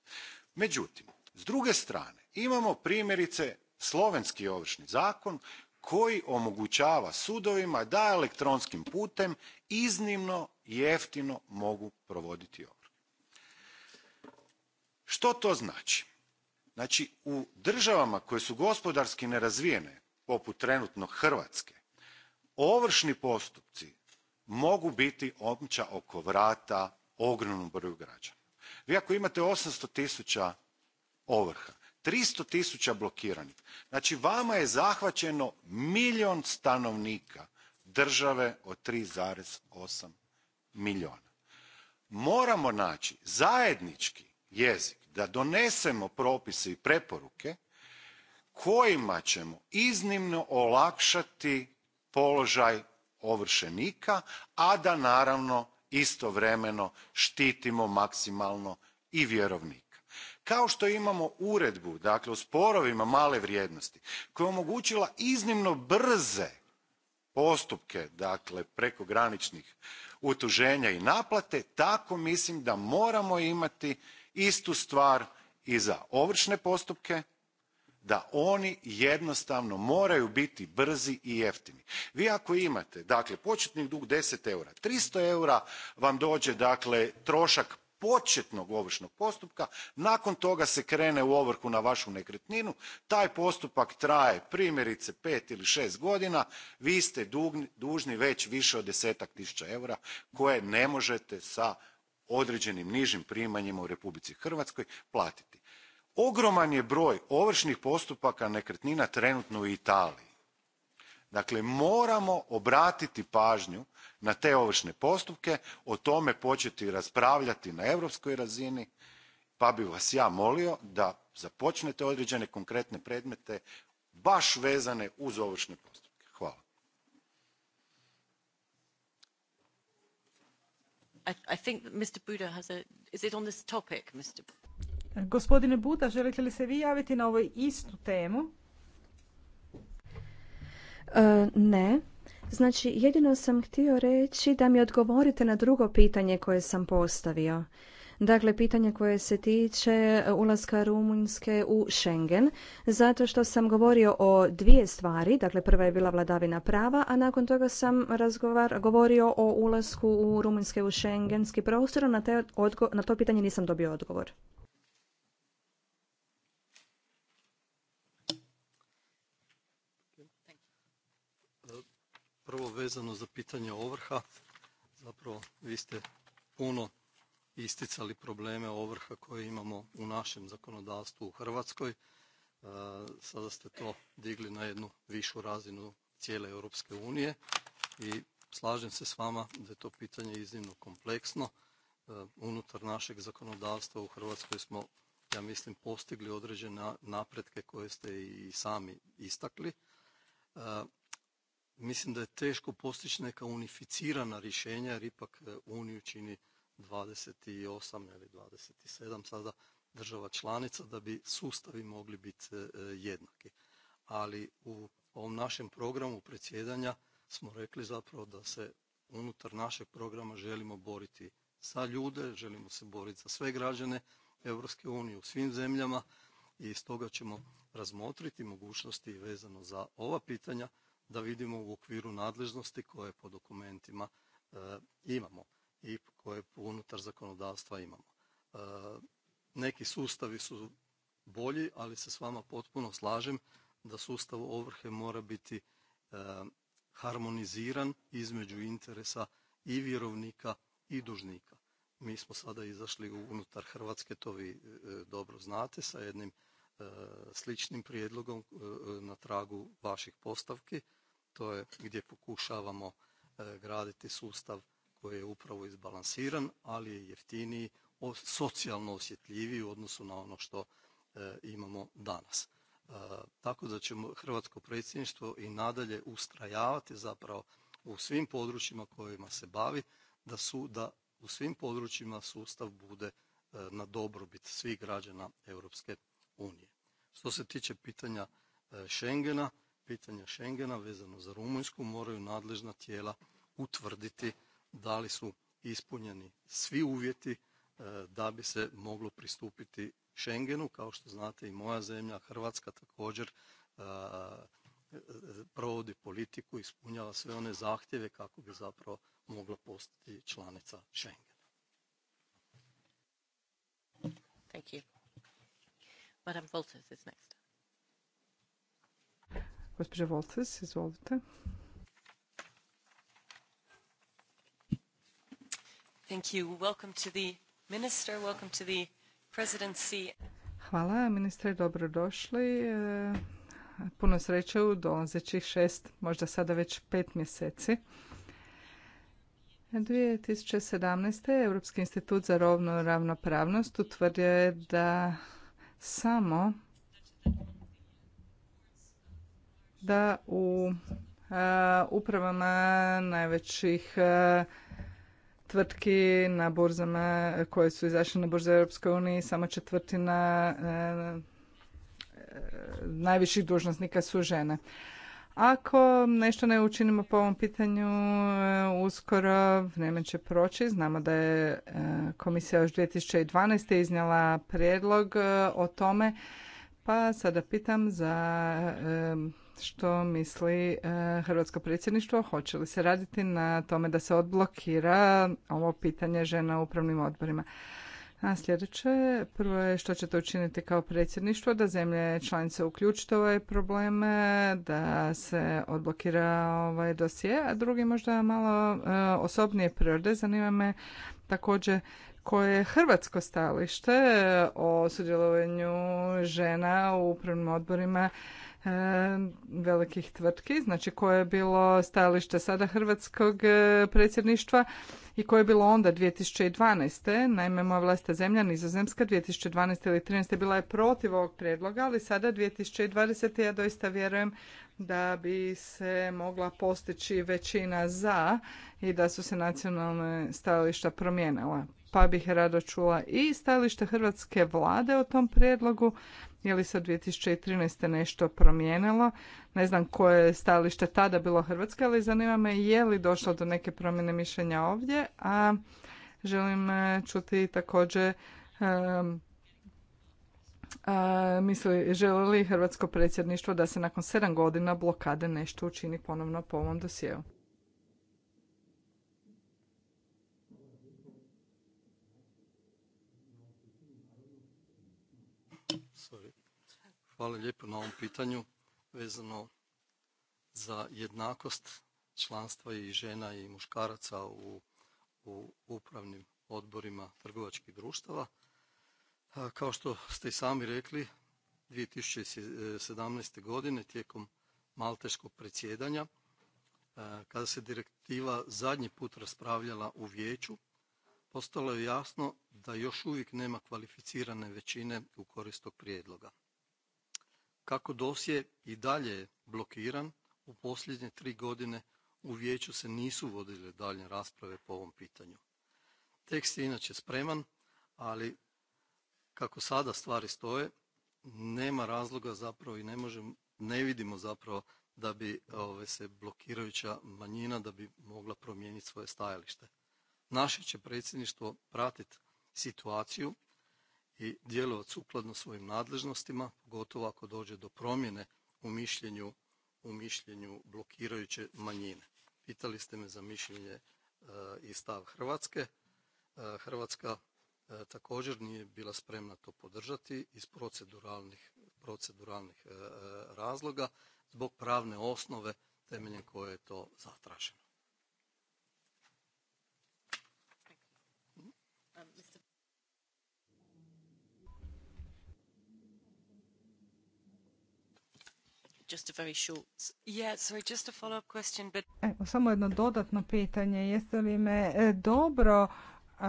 Međutim, s druge strane imamo primjerice slovenski ovršni zakon koji omogućava sudovima da elektronskim putem iznimno jeftino mogu provoditi ovrhe. Što to znači? Znači u državama koje su gospodarski nerazvijene, poput trenutno Hrvatske, ovršni postupci mogu biti omča oko vrata ogromnom broju građana. Vi ako imate 800 tisuća ovrha, tristo tisuća blokiranih znači vama je zahvaćeno milijun stanovnika države od tri osam milijuna moramo naći zajednički jezik da donesemo propise i preporuke kojima ćemo iznimno olakšati položaj ovršenika a da naravno istovremeno štitimo maksimalno i vjerovnike kao što imamo uredbu, dakle u sporovima male vrijednosti, koja je omogućila iznimno brze postupke, dakle prekograničnih utuženja i naplate, tako mislim da moramo imati istu stvar i za ovršne postupke, da oni jednostavno moraju biti brzi i jeftini. Vi ako imate, dakle, početni dug 10 eura, 300 eura vam dođe, dakle, trošak početnog ovršnog postupka, nakon toga se krene u ovrhu na vašu nekretninu, taj postupak traje primjerice pet ili šest godina, vi ste dužni već više od desetak tisuća eura koje ne možete sa određenim nižim primanjima u Republici Hrvatskoj platiti. Ogroman je broj ovršnih postupaka nekretnina trenutno u Italiji. Dakle, moramo obratiti pažnju na te ovršne postupke, o tome početi raspravljati na europskoj razini, pa bi vas ja molio da započnete određene konkretne predmete baš vezane uz ovršne postupke. Hvala. Gospodine Buda, želite li se vi javiti na ovu istu temu? E, ne. Znači, jedino sam htio reći da mi odgovorite na drugo pitanje koje sam postavio. Dakle, pitanje koje se tiče ulaska Rumunjske u Schengen, zato što sam govorio o dvije stvari, dakle prva je bila vladavina prava, a nakon toga sam razgovar, govorio o ulasku u Rumunjske u Schengenski prostor, na, na to pitanje nisam dobio odgovor. Prvo vezano za pitanje ovrha, zapravo vi ste puno isticali probleme ovrha koje imamo u našem zakonodavstvu u Hrvatskoj. E, sada ste to digli na jednu višu razinu cijele Europske unije i slažem se s vama da je to pitanje iznimno kompleksno. E, unutar našeg zakonodavstva u Hrvatskoj smo, ja mislim, postigli određene napretke koje ste i sami istakli. E, mislim da je teško postići neka unificirana rješenja jer ipak e, Uniju čini 28 ili 27 sada država članica da bi sustavi mogli biti e, e, jednaki. Ali u ovom našem programu predsjedanja smo rekli zapravo da se unutar našeg programa želimo boriti za ljude, želimo se boriti za sve građane Europske unije u svim zemljama i stoga ćemo razmotriti mogućnosti vezano za ova pitanja da vidimo u okviru nadležnosti koje po dokumentima eh, imamo i koje unutar zakonodavstva imamo. Eh, neki sustavi su bolji, ali se s vama potpuno slažem da sustav ovrhe mora biti eh, harmoniziran između interesa i vjerovnika i dužnika. Mi smo sada izašli unutar Hrvatske, to vi dobro znate, sa jednim sličnim prijedlogom na tragu vaših postavki to je gdje pokušavamo e, graditi sustav koji je upravo izbalansiran, ali je jeftiniji, socijalno osjetljiviji u odnosu na ono što e, imamo danas. E, tako da ćemo Hrvatsko predsjedništvo i nadalje ustrajavati zapravo u svim područjima kojima se bavi, da, su, da u svim područjima sustav bude na dobrobit svih građana Europske unije. Što se tiče pitanja Schengena, pitanja Schengena vezano za Rumunjsku moraju nadležna tijela utvrditi da li su ispunjeni svi uvjeti e, da bi se moglo pristupiti Schengenu. Kao što znate i moja zemlja, Hrvatska također e, provodi politiku, ispunjava sve one zahtjeve kako bi zapravo mogla postati članica Schengena. Thank you. is next. Gospođa Voltes, izvolite. Thank you. Welcome to the Hvala, ministre, dobrodošli. E, puno sreće u dolazećih šest, možda sada već pet mjeseci. 2017. Europski institut za rovnu ravnopravnost utvrdio je da samo da u e, upravama najvećih e, tvrtki na burzama koje su izašle na burze Europske unije samo četvrtina e, najviših dužnosnika su žene. Ako nešto ne učinimo po ovom pitanju, uskoro vrijeme će proći. Znamo da je komisija još 2012. iznijela prijedlog o tome. Pa sada pitam za što misli e, Hrvatsko predsjedništvo, hoće li se raditi na tome da se odblokira ovo pitanje žena u upravnim odborima. A sljedeće, prvo je što ćete učiniti kao predsjedništvo, da zemlje članice uključite ovaj problem, da se odblokira ovaj dosije, a drugi možda malo e, osobnije prirode. Zanima me također koje je hrvatsko stajalište o sudjelovanju žena u upravnim odborima e, velikih tvrtki, znači koje je bilo stajalište sada hrvatskog e, predsjedništva i koje je bilo onda 2012. Naime, moja vlasta zemlja, Nizozemska, 2012. ili 2013. bila je protiv ovog prijedloga, ali sada 2020. ja doista vjerujem da bi se mogla postići većina za i da su se nacionalne stajališta promijenila pa bih rado čula i stajalište hrvatske vlade o tom prijedlogu. Je li se 2013. nešto promijenilo? Ne znam koje je stajalište tada bilo Hrvatske, ali zanima me je li došlo do neke promjene mišljenja ovdje, a želim e, čuti također um, misli, želi li Hrvatsko predsjedništvo da se nakon sedam godina blokade nešto učini ponovno po ovom dosjeu? Hvala lijepo na ovom pitanju vezano za jednakost članstva i žena i muškaraca u, u upravnim odborima trgovačkih društava. Kao što ste i sami rekli, 2017. godine tijekom malteškog predsjedanja, kada se direktiva zadnji put raspravljala u vijeću, postalo je jasno da još uvijek nema kvalificirane većine u korist tog prijedloga. Kako dosje i dalje je blokiran, u posljednje tri godine u vijeću se nisu vodile daljnje rasprave po ovom pitanju. Tekst je inače spreman, ali kako sada stvari stoje, nema razloga zapravo i ne možemo, ne vidimo zapravo da bi ove, ovaj, se blokirajuća manjina da bi mogla promijeniti svoje stajalište. Naše će predsjedništvo pratiti situaciju i djelovati sukladno svojim nadležnostima, pogotovo ako dođe do promjene u mišljenju, u mišljenju blokirajuće manjine. Pitali ste me za mišljenje e, i stav Hrvatske. E, Hrvatska e, također nije bila spremna to podržati iz proceduralnih, proceduralnih razloga zbog pravne osnove temeljem koje je to zatraženo. just samo jedno dodatno pitanje. Jeste li me e, dobro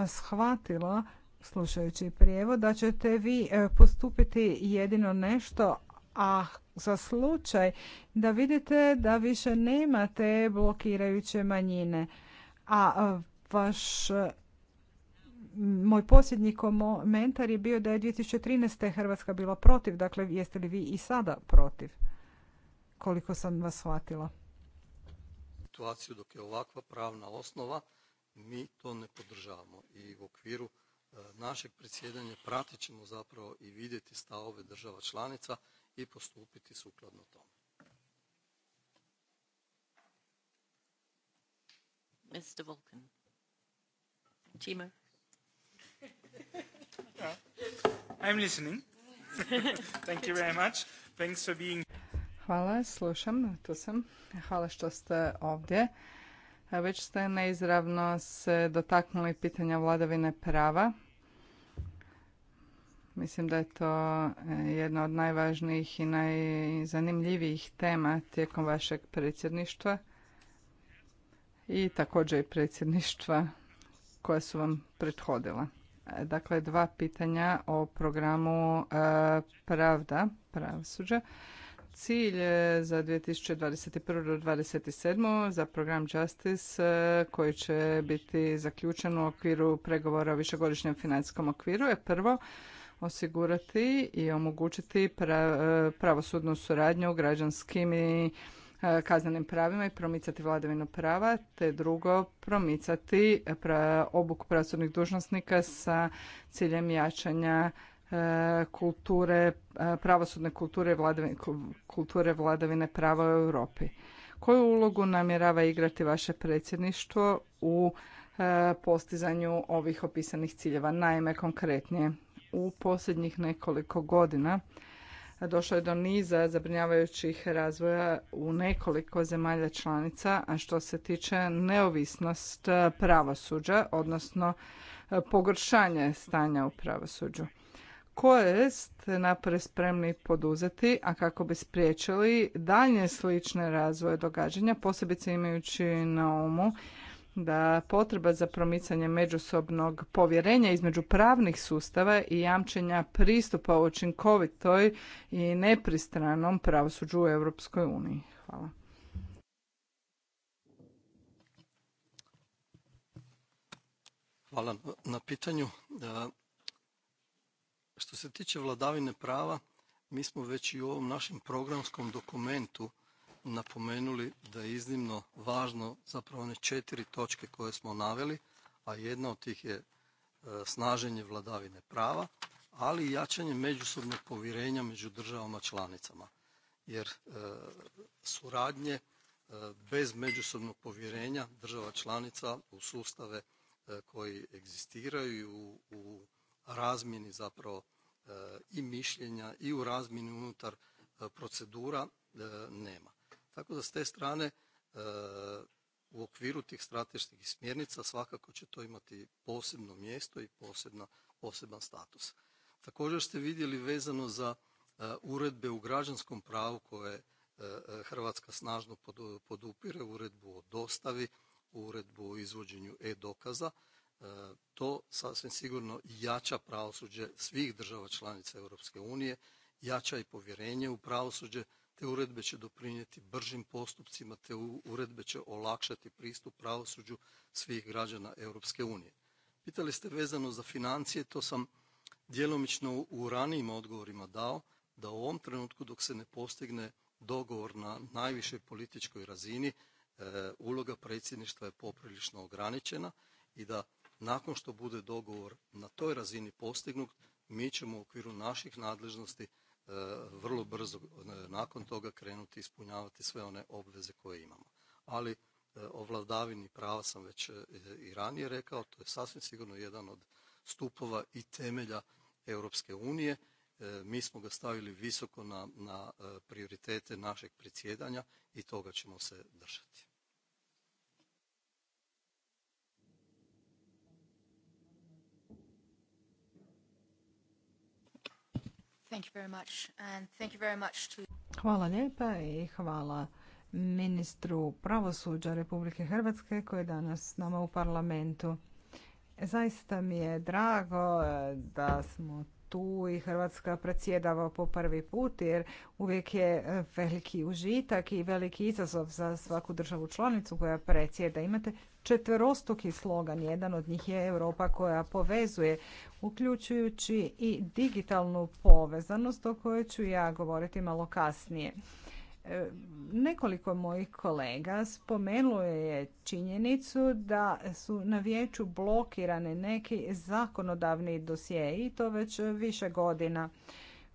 shvatila, slušajući prijevod, da ćete vi e, postupiti jedino nešto, a za slučaj da vidite da više nemate blokirajuće manjine, a vaš e, moj posljednji komentar je bio da je 2013. Hrvatska bila protiv, dakle jeste li vi i sada protiv? koliko sam vas shvatila. Situaciju dok je ovakva pravna osnova, mi to ne podržavamo i u okviru e, našeg predsjedanja pratit ćemo zapravo i vidjeti stavove država članica i postupiti sukladno tome. Mr. Vulcan. Timo. I'm listening. Thank you very much. Thanks for being Hvala, slušam, tu sam. Hvala što ste ovdje. Već ste neizravno se dotaknuli pitanja vladavine prava. Mislim da je to e, jedna od najvažnijih i najzanimljivijih tema tijekom vašeg predsjedništva i također i predsjedništva koja su vam prethodila. E, dakle, dva pitanja o programu e, Pravda, pravosuđa cilj e, za 2021. do 2027. za program Justice e, koji će biti zaključen u okviru pregovora o višegodišnjem financijskom okviru je prvo osigurati i omogućiti e, pravosudnu suradnju građanskim i kaznenim pravima i promicati vladavinu prava, te drugo promicati obuku pravosudnih dužnosnika sa ciljem jačanja E, kulture, e, pravosudne kulture, vladavine, kulture vladavine prava u Europi. Koju ulogu namjerava igrati vaše predsjedništvo u e, postizanju ovih opisanih ciljeva? Naime, konkretnije, u posljednjih nekoliko godina došlo je do niza zabrinjavajućih razvoja u nekoliko zemalja članica, a što se tiče neovisnost pravosuđa, odnosno pogoršanje stanja u pravosuđu koje ste napore spremni poduzeti, a kako bi spriječili dalje slične razvoje događanja, posebice imajući na umu da potreba za promicanje međusobnog povjerenja između pravnih sustava i jamčenja pristupa učinkovitoj i nepristranom pravosuđu u Europskoj uniji. Hvala. Hvala na pitanju. Što se tiče vladavine prava, mi smo već i u ovom našem programskom dokumentu napomenuli da je iznimno važno zapravo one četiri točke koje smo naveli, a jedna od tih je e, snaženje vladavine prava, ali i jačanje međusobnog povjerenja među državama članicama. Jer e, suradnje e, bez međusobnog povjerenja država članica u sustave koji egzistiraju u razmjeni zapravo e, i mišljenja i u razmjeni unutar e, procedura e, nema. Tako da s te strane u okviru tih strateških smjernica svakako će to imati posebno mjesto i posebno poseban status. Također ste vidjeli vezano za uredbe u građanskom pravu koje Hrvatska snažno podupire uredbu o dostavi, uredbu o izvođenju e-dokaza E, to sasvim sigurno jača pravosuđe svih država članica Europske unije, jača i povjerenje u pravosuđe, te uredbe će doprinijeti bržim postupcima, te uredbe će olakšati pristup pravosuđu svih građana Europske unije. Pitali ste vezano za financije, to sam djelomično u ranijim odgovorima dao, da u ovom trenutku dok se ne postigne dogovor na najvišoj političkoj razini, e, uloga predsjedništva je poprilično ograničena i da nakon što bude dogovor na toj razini postignut, mi ćemo u okviru naših nadležnosti e, vrlo brzo e, nakon toga krenuti ispunjavati sve one obveze koje imamo. Ali e, o vladavini prava sam već i ranije rekao, to je sasvim sigurno jedan od stupova i temelja Europske unije. Mi smo ga stavili visoko na, na prioritete našeg predsjedanja i toga ćemo se držati. Hvala lijepa i hvala ministru pravosuđa Republike Hrvatske koji je danas s nama u parlamentu. Zaista mi je drago eh, da smo tu i Hrvatska predsjedava po prvi put jer uvijek je eh, veliki užitak i veliki izazov za svaku državu članicu koja predsjeda. Imate četverostoki slogan. Jedan od njih je Europa koja povezuje, uključujući i digitalnu povezanost o kojoj ću ja govoriti malo kasnije. E, nekoliko mojih kolega spomenulo je činjenicu da su na vijeću blokirane neki zakonodavni dosije i to već više godina.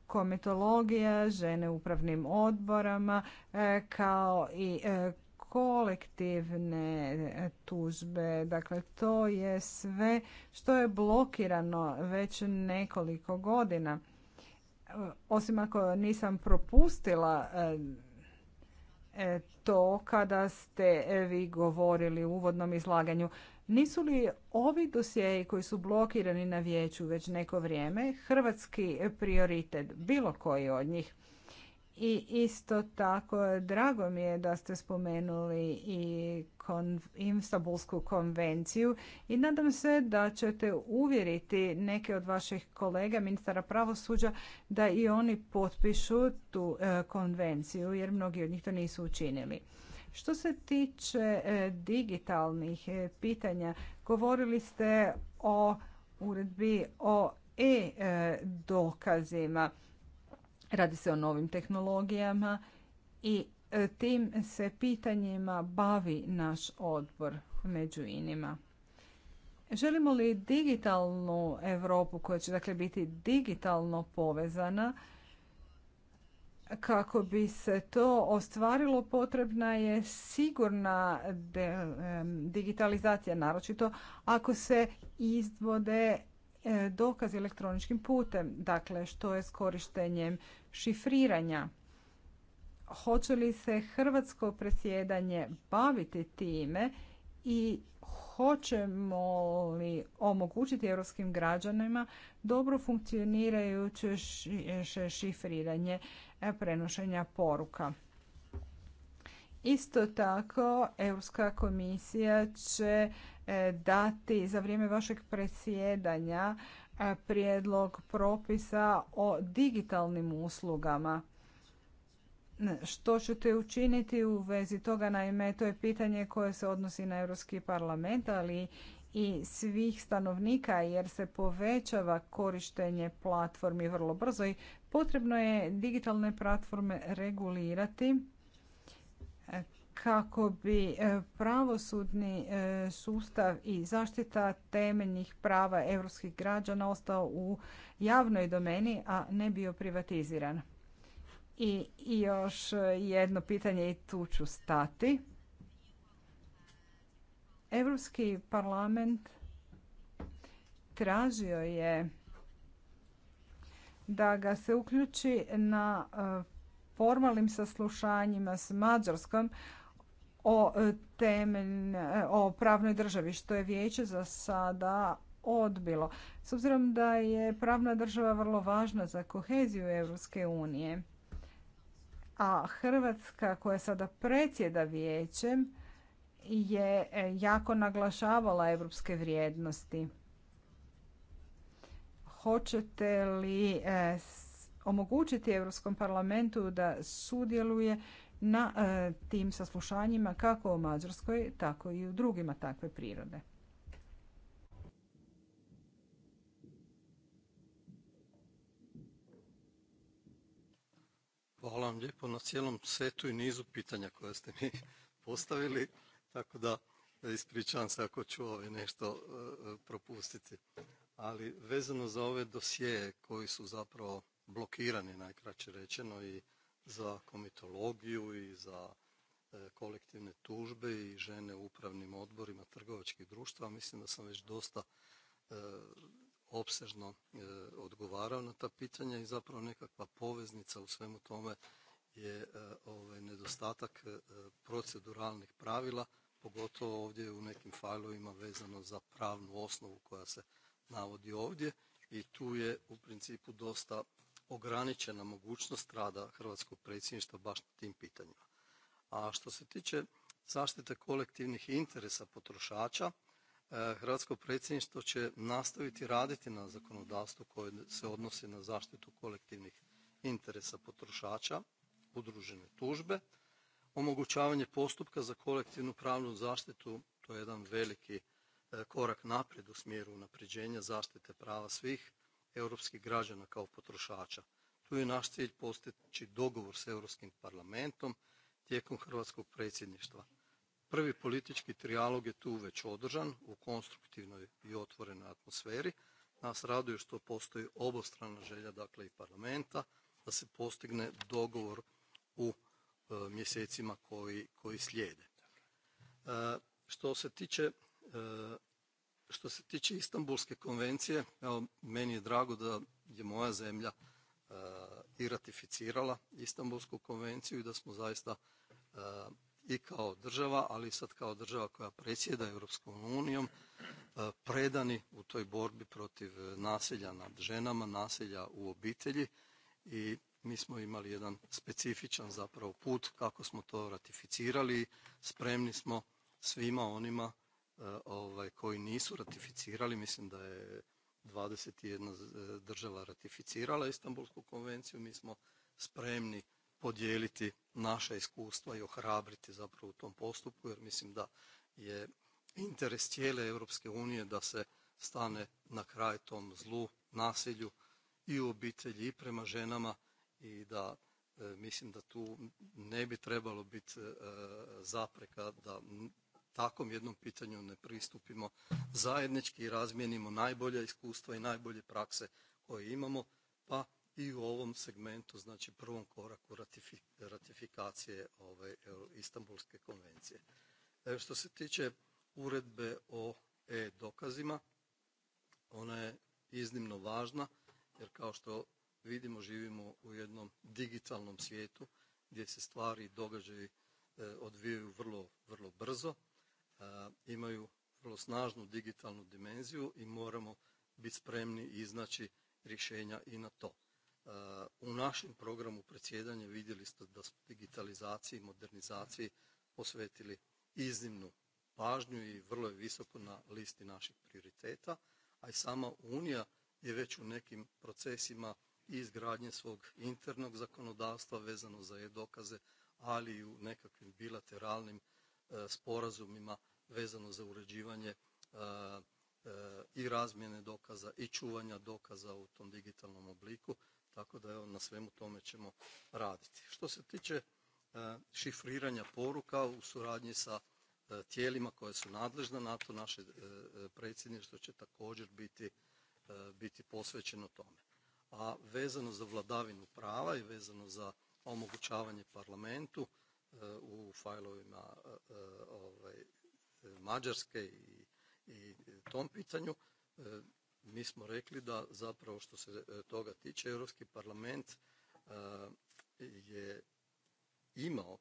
Komitologija, žene u upravnim odborama e, kao i e, kolektivne e, tužbe. Dakle, to je sve što je blokirano već nekoliko godina. E, osim ako nisam propustila e, to kada ste vi govorili u uvodnom izlaganju. Nisu li ovi dosjeji koji su blokirani na vijeću već neko vrijeme hrvatski prioritet, bilo koji od njih? I isto tako drago mi je da ste spomenuli i Istanbulsku konvenciju i nadam se da ćete uvjeriti neke od vaših kolega ministara pravosuđa da i oni potpišu tu e, konvenciju jer mnogi od njih to nisu učinili. Što se tiče e, digitalnih e, pitanja, govorili ste o uredbi o e-dokazima Radi se o novim tehnologijama i e, tim se pitanjima bavi naš odbor među inima. Želimo li digitalnu Europu koja će dakle biti digitalno povezana kako bi se to ostvarilo potrebna je sigurna e, digitalizacija naročito ako se izvode e, dokazi elektroničkim putem, dakle što je s korištenjem šifriranja. Hoće li se hrvatsko predsjedanje baviti time i hoćemo li omogućiti europskim građanima dobro funkcionirajuće šifriranje e, prenošenja poruka. Isto tako, Europska komisija će e, dati za vrijeme vašeg predsjedanja prijedlog propisa o digitalnim uslugama. Što ćete učiniti u vezi toga? Naime, to je pitanje koje se odnosi na Europski parlament, ali i svih stanovnika jer se povećava korištenje platformi vrlo brzo i potrebno je digitalne platforme regulirati kako bi e, pravosudni e, sustav i zaštita temeljnih prava europskih građana ostao u javnoj domeni, a ne bio privatiziran. I još jedno pitanje i tu ću stati. Europski parlament tražio je da ga se uključi na e, formalnim saslušanjima s Mađarskom o, e, temelj, e, o pravnoj državi, što je vijeće za sada odbilo. S obzirom da je pravna država vrlo važna za koheziju Europske unije, a Hrvatska koja sada predsjeda vijećem je e, jako naglašavala europske vrijednosti. Hoćete li omogućiti Europskom parlamentu da sudjeluje na e, tim saslušanjima kako u Mađarskoj, tako i u drugima takve prirode. Hvala vam lijepo na cijelom setu i nizu pitanja koje ste mi postavili, tako da ispričavam se ako ću ove ovaj nešto e, propustiti. Ali vezano za ove dosije koji su zapravo blokirani, najkraće rečeno, i za komitologiju i za e, kolektivne tužbe i žene u upravnim odborima trgovačkih društava. Mislim da sam već dosta e, opsežno e, odgovarao na ta pitanja i zapravo nekakva poveznica u svemu tome je ovaj nedostatak proceduralnih pravila, pogotovo ovdje u nekim fajlovima vezano za pravnu osnovu koja se navodi ovdje i tu je u principu dosta ograničena mogućnost rada Hrvatskog predsjedništva baš na tim pitanjima. A što se tiče zaštite kolektivnih interesa potrošača, e, Hrvatsko predsjedništvo će nastaviti raditi na zakonodavstvu koje se odnosi na zaštitu kolektivnih interesa potrošača, udružene tužbe, omogućavanje postupka za kolektivnu pravnu zaštitu, to je jedan veliki e, korak naprijed u smjeru unapređenja zaštite prava svih europskih građana kao potrošača. Tu je naš cilj postići dogovor s Europskim parlamentom tijekom hrvatskog predsjedništva. Prvi politički trijalog je tu već održan u konstruktivnoj i otvorenoj atmosferi. Nas raduje što postoji obostrana želja dakle i parlamenta da se postigne dogovor u e, mjesecima koji, koji slijede. E, što se tiče e, što se tiče Istanbulske konvencije, evo, meni je drago da je moja zemlja e, i ratificirala Istanbulsku konvenciju i da smo zaista e, i kao država, ali i sad kao država koja predsjeda Europskom unijom, e, predani u toj borbi protiv nasilja nad ženama, nasilja u obitelji i mi smo imali jedan specifičan zapravo put kako smo to ratificirali i spremni smo svima onima E, ovaj, koji nisu ratificirali, mislim da je 21 e, država ratificirala Istanbulsku konvenciju, mi smo spremni podijeliti naša iskustva i ohrabriti zapravo u tom postupku, jer mislim da je interes cijele Europske unije da se stane na kraj tom zlu, nasilju i u obitelji i prema ženama i da e, mislim da tu ne bi trebalo biti zapreka da takvom jednom pitanju ne pristupimo zajednički i razmijenimo najbolja iskustva i najbolje prakse koje imamo, pa i u ovom segmentu, znači prvom koraku ratifikacije ove ovaj, Istanbulske konvencije. E, što se tiče uredbe o e-dokazima, ona je iznimno važna jer kao što vidimo živimo u jednom digitalnom svijetu gdje se stvari i događaji e, odvijaju vrlo, vrlo brzo imaju vrlo snažnu digitalnu dimenziju i moramo biti spremni iznaći rješenja i na to. U našem programu predsjedanja vidjeli ste da smo digitalizaciji i modernizaciji posvetili iznimnu pažnju i vrlo je visoko na listi naših prioriteta, a i sama Unija je već u nekim procesima i izgradnje svog internog zakonodavstva vezano za e-dokaze, ali i u nekakvim bilateralnim E, sporazumima vezano za uređivanje e, e, i razmjene dokaza i čuvanja dokaza u tom digitalnom obliku, tako da evo na svemu tome ćemo raditi. Što se tiče šifriranja poruka u suradnji sa tijelima koja su nadležna na to, naše predsjedništvo će također biti, biti posvećeno tome. A vezano za vladavinu prava i vezano za omogućavanje parlamentu Eh, u fajlovima eh, eh, ovaj, Mađarske i, tom pitanju. Mi smo rekli da zapravo što se toga tiče Europski parlament je imao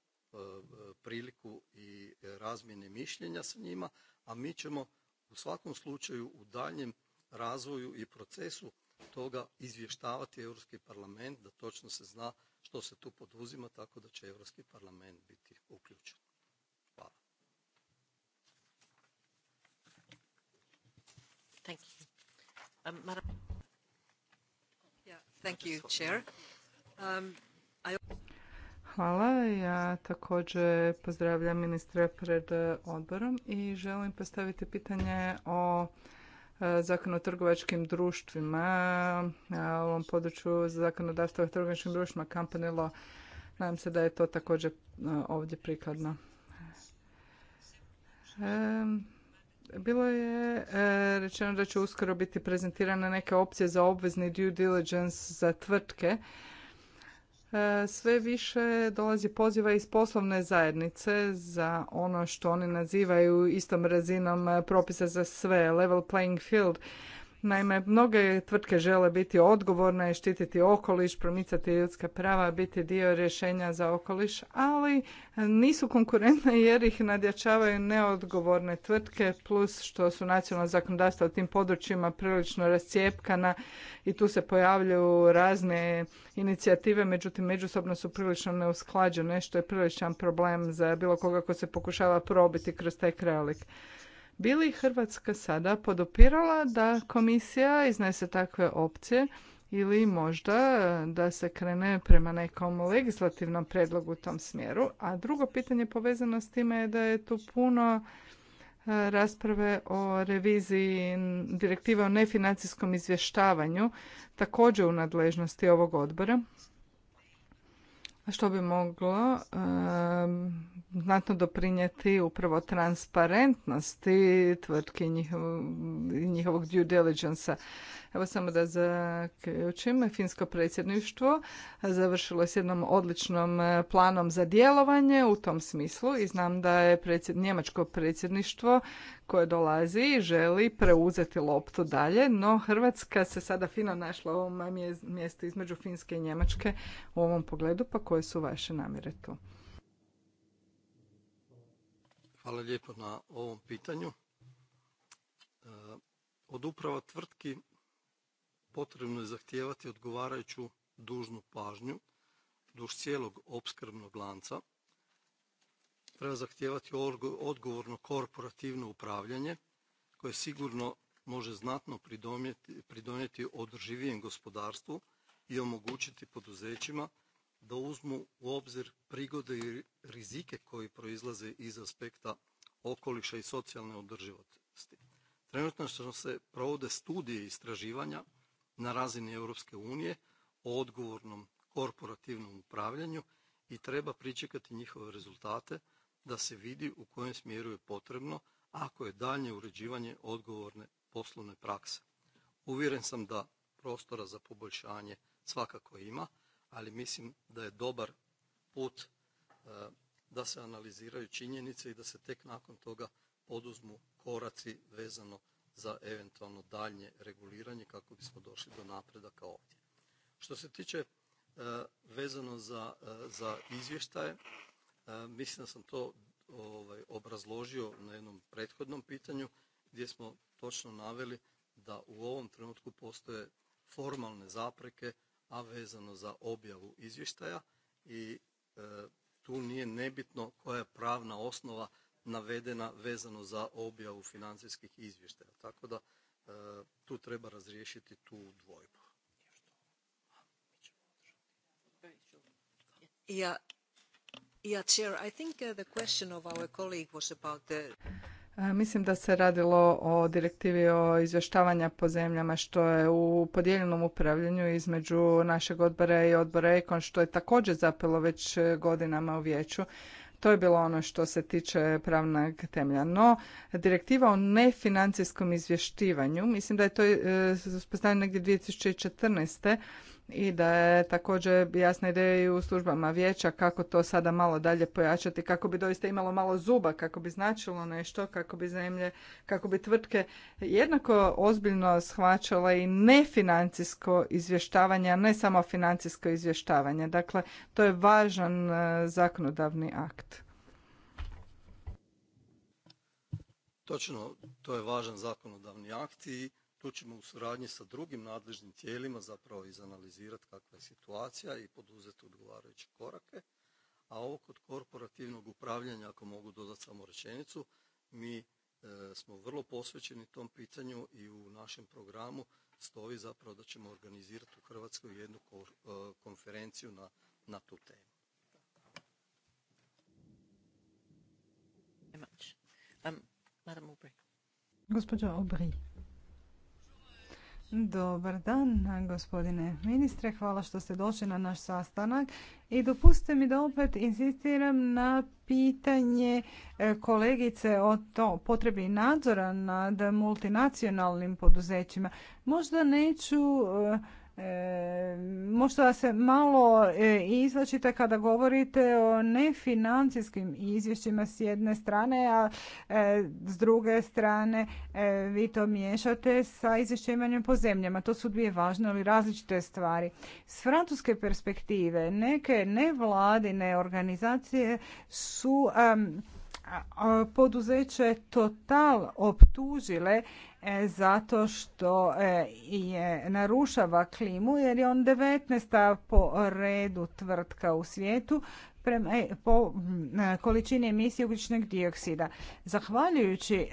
priliku i razmjene mišljenja sa njima, a mi ćemo u svakom slučaju u daljem razvoju i procesu toga izvještavati Europski parlament da točno se zna što se tu poduzima tako da će Europski parlament biti uključen. Hvala. Hvala. Ja također pozdravljam ministra pred odborom i želim postaviti pitanje o zakon o trgovačkim društvima, u ovom području zakonodavstva o trgovačkim društvima, kampanilo. Nadam se da je to također ovdje prikladno. Bilo je e, rečeno da će uskoro biti prezentirane neke opcije za obvezni due diligence za tvrtke E, sve više dolazi poziva iz poslovne zajednice za ono što oni nazivaju istom razinom propisa za sve, level playing field, Naime, mnoge tvrtke žele biti odgovorne i štititi okoliš, promicati ljudska prava, biti dio rješenja za okoliš, ali nisu konkurentne jer ih nadjačavaju neodgovorne tvrtke, plus što su nacionalna zakonodavstva u tim područjima prilično rascijepkana i tu se pojavljuju razne inicijative, međutim međusobno su prilično neusklađene, što je priličan problem za bilo koga ko se pokušava probiti kroz taj krajolik. Bi li Hrvatska sada podopirala da komisija iznese takve opcije ili možda e, da se krene prema nekom legislativnom predlogu u tom smjeru? A drugo pitanje povezano s time je da je tu puno e, rasprave o reviziji direktive o nefinancijskom izvještavanju također u nadležnosti ovog odbora što bi moglo znatno doprinijeti upravo transparentnosti tvrtki njihovog due diligence-a. Evo samo da zaključim, finsko predsjedništvo završilo je s jednom odličnom e, planom za djelovanje u tom smislu i znam da je predsjed, njemačko predsjedništvo koje dolazi želi preuzeti loptu dalje, no Hrvatska se sada fino našla u ovom mjestu između Finske i Njemačke u ovom pogledu, pa koje su vaše namjere tu? Hvala lijepo na ovom pitanju. E, od uprava tvrtki potrebno je zahtijevati odgovarajuću dužnu pažnju duž cijelog opskrbnog lanca, treba zahtijevati odgovorno korporativno upravljanje koje sigurno može znatno pridonijeti održivijem gospodarstvu i omogućiti poduzećima da uzmu u obzir prigode i rizike koji proizlaze iz aspekta okoliša i socijalne održivosti. Trenutačno se provode studije i istraživanja na razini Europske unije o odgovornom korporativnom upravljanju i treba pričekati njihove rezultate da se vidi u kojem smjeru je potrebno ako je daljnje uređivanje odgovorne poslovne prakse. Uvjeren sam da prostora za poboljšanje svakako ima, ali mislim da je dobar put e, da se analiziraju činjenice i da se tek nakon toga poduzmu koraci vezano za eventualno daljnje reguliranje kako bismo došli do napredaka ovdje. Što se tiče e, vezano za, e, za izvještaje, Mislim da sam to ovaj, obrazložio na jednom prethodnom pitanju gdje smo točno naveli da u ovom trenutku postoje formalne zapreke, a vezano za objavu izvještaja i e, tu nije nebitno koja je pravna osnova navedena vezano za objavu financijskih izvještaja. Tako da e, tu treba razriješiti tu dvojbu. Ja, Mislim da se radilo o direktivi o izvještavanja po zemljama što je u podijeljenom upravljanju između našeg odbora i odbora Ekon što je također zapelo već e, godinama u vijeću. To je bilo ono što se tiče pravnog temelja. No, direktiva o nefinancijskom izvješćivanju, mislim da je to uspostavljeno e, negdje 2014 i da je također jasna ideja i u službama vijeća kako to sada malo dalje pojačati, kako bi doista imalo malo zuba, kako bi značilo nešto, kako bi zemlje, kako bi tvrtke jednako ozbiljno shvaćale i nefinancijsko izvještavanje, a ne samo financijsko izvještavanje. Dakle, to je važan e, zakonodavni akt. Točno, to je važan zakonodavni akt i tu ćemo u suradnji sa drugim nadležnim tijelima zapravo izanalizirati kakva je situacija i poduzeti odgovarajuće korake. A ovo kod korporativnog upravljanja, ako mogu dodati samo rečenicu, mi e, smo vrlo posvećeni tom pitanju i u našem programu stoji zapravo da ćemo organizirati u Hrvatskoj jednu e, konferenciju na, tu temu. Um, Gospođa Dobar dan, gospodine ministre. Hvala što ste došli na naš sastanak. I dopustite mi da opet insistiram na pitanje e, kolegice o to potrebi nadzora nad multinacionalnim poduzećima. Možda neću e, E, možda se malo e, izlačite kada govorite o nefinancijskim izvješćima s jedne strane, a e, s druge strane vi to miješate sa izvješćivanjem po zemljama. To su dvije važne, ali različite stvari. S francuske perspektive neke nevladine organizacije su poduzeće Total optužile E, zato što e, je narušava klimu jer je on 19. po redu tvrtka u svijetu e, po količini emisije ugljičnog dioksida. Zahvaljujući,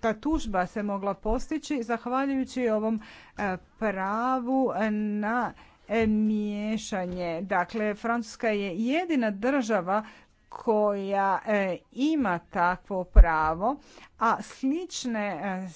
ta tužba se mogla postići zahvaljujući ovom pravu na miješanje. Dakle, Francuska je jedina država koja e, ima takvo pravo, a slične e,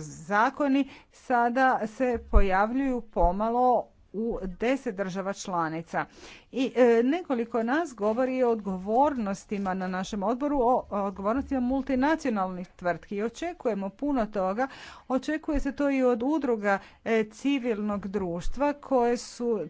zakoni sada se pojavljuju pomalo u deset država članica. I e, nekoliko nas govori o odgovornostima na našem odboru, o odgovornostima multinacionalnih tvrtki. I očekujemo puno toga. Očekuje se to i od udruga civilnog društva koje su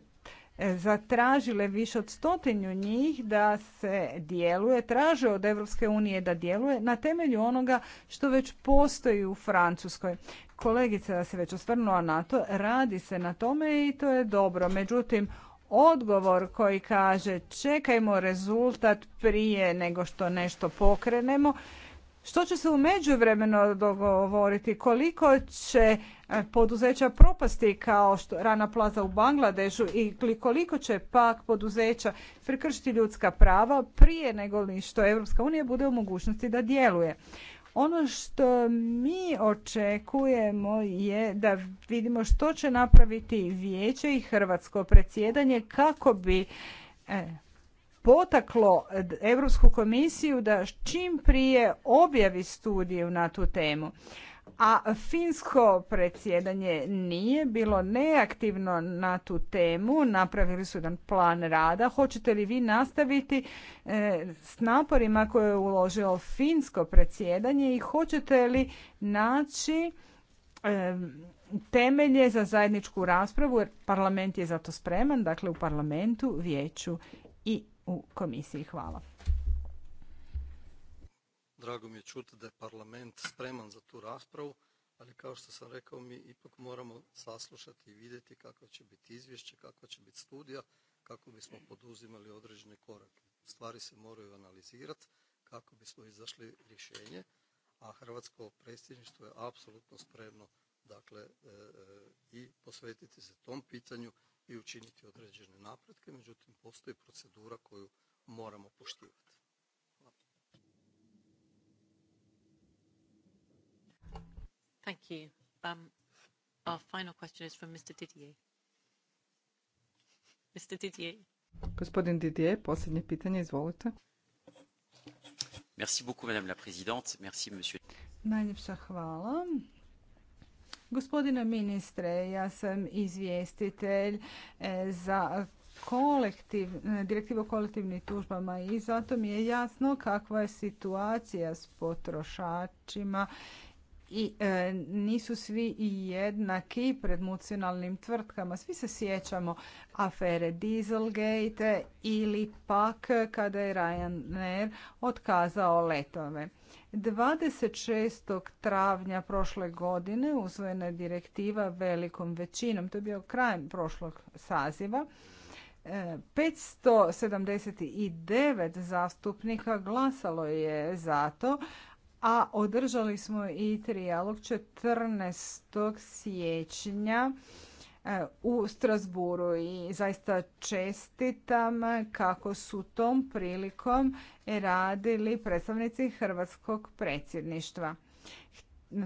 zatražile više od stotinu njih da se djeluje, traže od Europske unije da djeluje na temelju onoga što već postoji u Francuskoj. Kolegica se već osvrnula na to, radi se na tome i to je dobro. Međutim, odgovor koji kaže čekajmo rezultat prije nego što nešto pokrenemo, što će se u međuvremenu dogovoriti? Koliko će e, poduzeća propasti kao što Rana Plaza u Bangladešu i koliko će pak poduzeća prekršiti ljudska prava prije nego li što Evropska unija bude u mogućnosti da djeluje? Ono što mi očekujemo je da vidimo što će napraviti vijeće i hrvatsko predsjedanje kako bi e, potaklo Europsku komisiju da čim prije objavi studiju na tu temu. A finsko predsjedanje nije bilo neaktivno na tu temu, napravili su jedan plan rada. Hoćete li vi nastaviti e, s naporima koje je uložilo finsko predsjedanje i hoćete li naći e, temelje za zajedničku raspravu jer parlament je za to spreman, dakle u parlamentu, vijeću u komisiji. Hvala. Drago mi je čuti da je parlament spreman za tu raspravu, ali kao što sam rekao mi ipak moramo saslušati i vidjeti kako će biti izvješće, kakva će biti studija, kako bismo poduzimali određene korake. Stvari se moraju analizirati kako bismo izašli rješenje, a Hrvatsko predsjedništvo je apsolutno spremno dakle e, e, i posvetiti se tom pitanju i učiniti određene napretke, međutim postoji procedura koju moramo poštivati. Thank you. Um, our final question is from Mr. Didier. Mr. Didier. Gospodin Didier, posljednje pitanje, izvolite. Merci beaucoup, madame la présidente. Merci, monsieur. Najljepša hvala. Gospodine ministre, ja sam izvjestitelj e, za kolektiv, direktivu o kolektivnim tužbama i zato mi je jasno kakva je situacija s potrošačima i e, nisu svi jednaki pred mucionalnim tvrtkama. Svi se sjećamo afere Dieselgate ili pak kada je Ryanair otkazao letove. 26. travnja prošle godine usvojena je direktiva velikom većinom, to je bio kraj prošlog saziva, 579 e, zastupnika glasalo je za to a održali smo i trijalog 14. siječnja e, u Strasburu i zaista čestitam kako su tom prilikom radili predstavnici hrvatskog predsjedništva.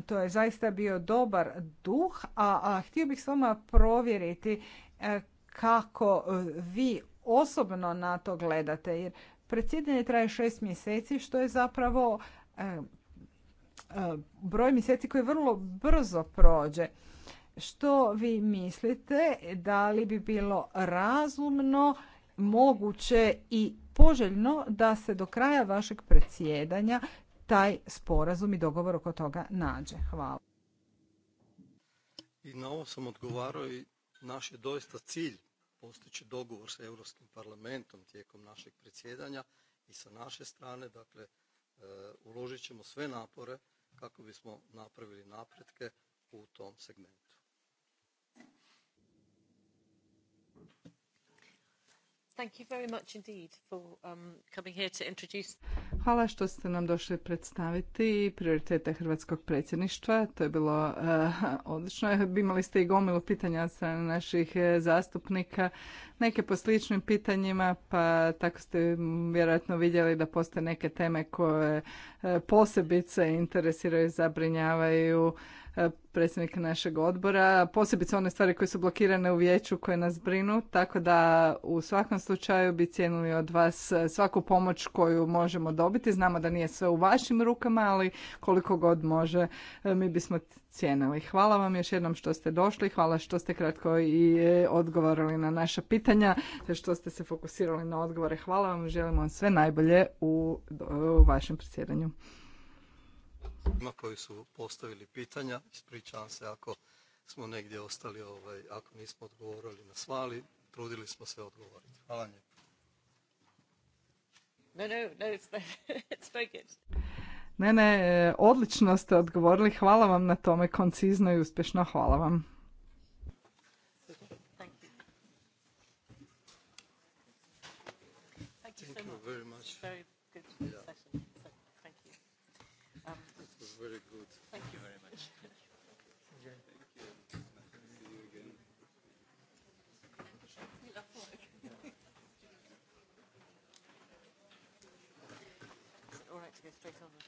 To je zaista bio dobar duh, a, a htio bih s vama provjeriti e, kako e, vi osobno na to gledate, jer predsjedanje traje šest mjeseci, što je zapravo E, broj mjeseci koji vrlo brzo prođe. Što vi mislite, da li bi bilo razumno, moguće i poželjno da se do kraja vašeg predsjedanja taj sporazum i dogovor oko toga nađe? Hvala. I na ovo sam odgovarao i naš je doista cilj postići dogovor sa Europskim parlamentom tijekom našeg predsjedanja i sa naše strane, dakle E, uložit ćemo sve napore kako bismo napravili napretke u tom segmentu. Um, Hvala što ste nam došli predstaviti prioritete Hrvatskog predsjedništva. To je bilo eh, odlično. Imali ste i gomilu pitanja od strane naših eh, zastupnika. Neke po sličnim pitanjima, pa tako ste vjerojatno vidjeli da postoje neke teme koje eh, posebice interesiraju i zabrinjavaju E, predsjednika našeg odbora, posebice one stvari koje su blokirane u vijeću koje nas brinu, tako da u svakom slučaju bi cijenili od vas e, svaku pomoć koju možemo dobiti. Znamo da nije sve u vašim rukama, ali koliko god može e, mi bismo cijenili. Hvala vam još jednom što ste došli, hvala što ste kratko i odgovorili na naša pitanja, te što ste se fokusirali na odgovore. Hvala vam, želimo vam sve najbolje u, u vašem predsjedanju koji su postavili pitanja. Ispričavam se ako smo negdje ostali, ovaj, ako nismo odgovorili na sva, ali trudili smo se odgovoriti. Hvala lijepo. Ne, ne, it's Ne, ne, odlično ste odgovorili. Hvala vam na tome, koncizno i uspješno. Hvala vam. ne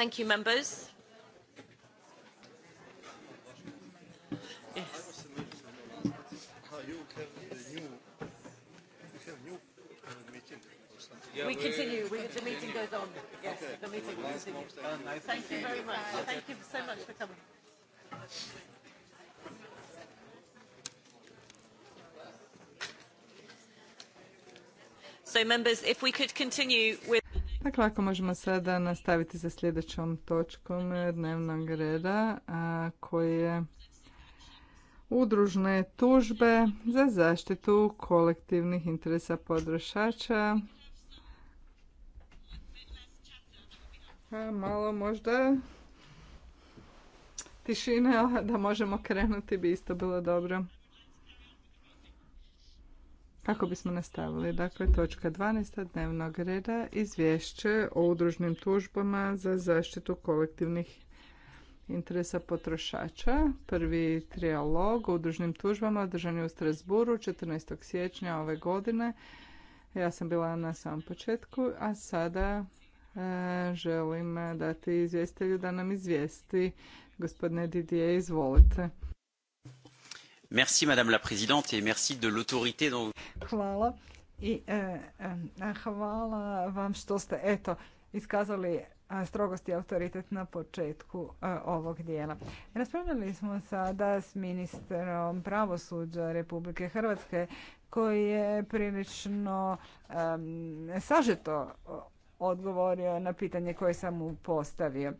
Thank you, members. Yes. We continue. We, the meeting goes on. Yes, the meeting will continue. Thank you very much. Thank you so much for coming. So, members, if we could continue with Dakle, ako možemo sada nastaviti sa sljedećom točkom dnevnog reda, a, koji je udružne tužbe za zaštitu kolektivnih interesa potrošača. Malo možda tišine, da možemo krenuti bi isto bilo dobro kako bismo nastavili. Dakle, točka 12. dnevnog reda, izvješće o udružnim tužbama za zaštitu kolektivnih interesa potrošača. Prvi trijalog o udružnim tužbama održan je u Strasburu 14. siječnja ove godine. Ja sam bila na samom početku, a sada e, želim dati izvjestelju da nam izvijesti. Gospodine Didije, izvolite. Merci madame la présidente et merci de l'autorité Hvala i e, e, hvala vam što ste eto iskazali e, strogost i autoritet na početku ovog dijela. Raspravljali smo sada s ministrom pravosuđa Republike Hrvatske koji je prilično sažeto odgovorio na pitanje koje sam mu postavio.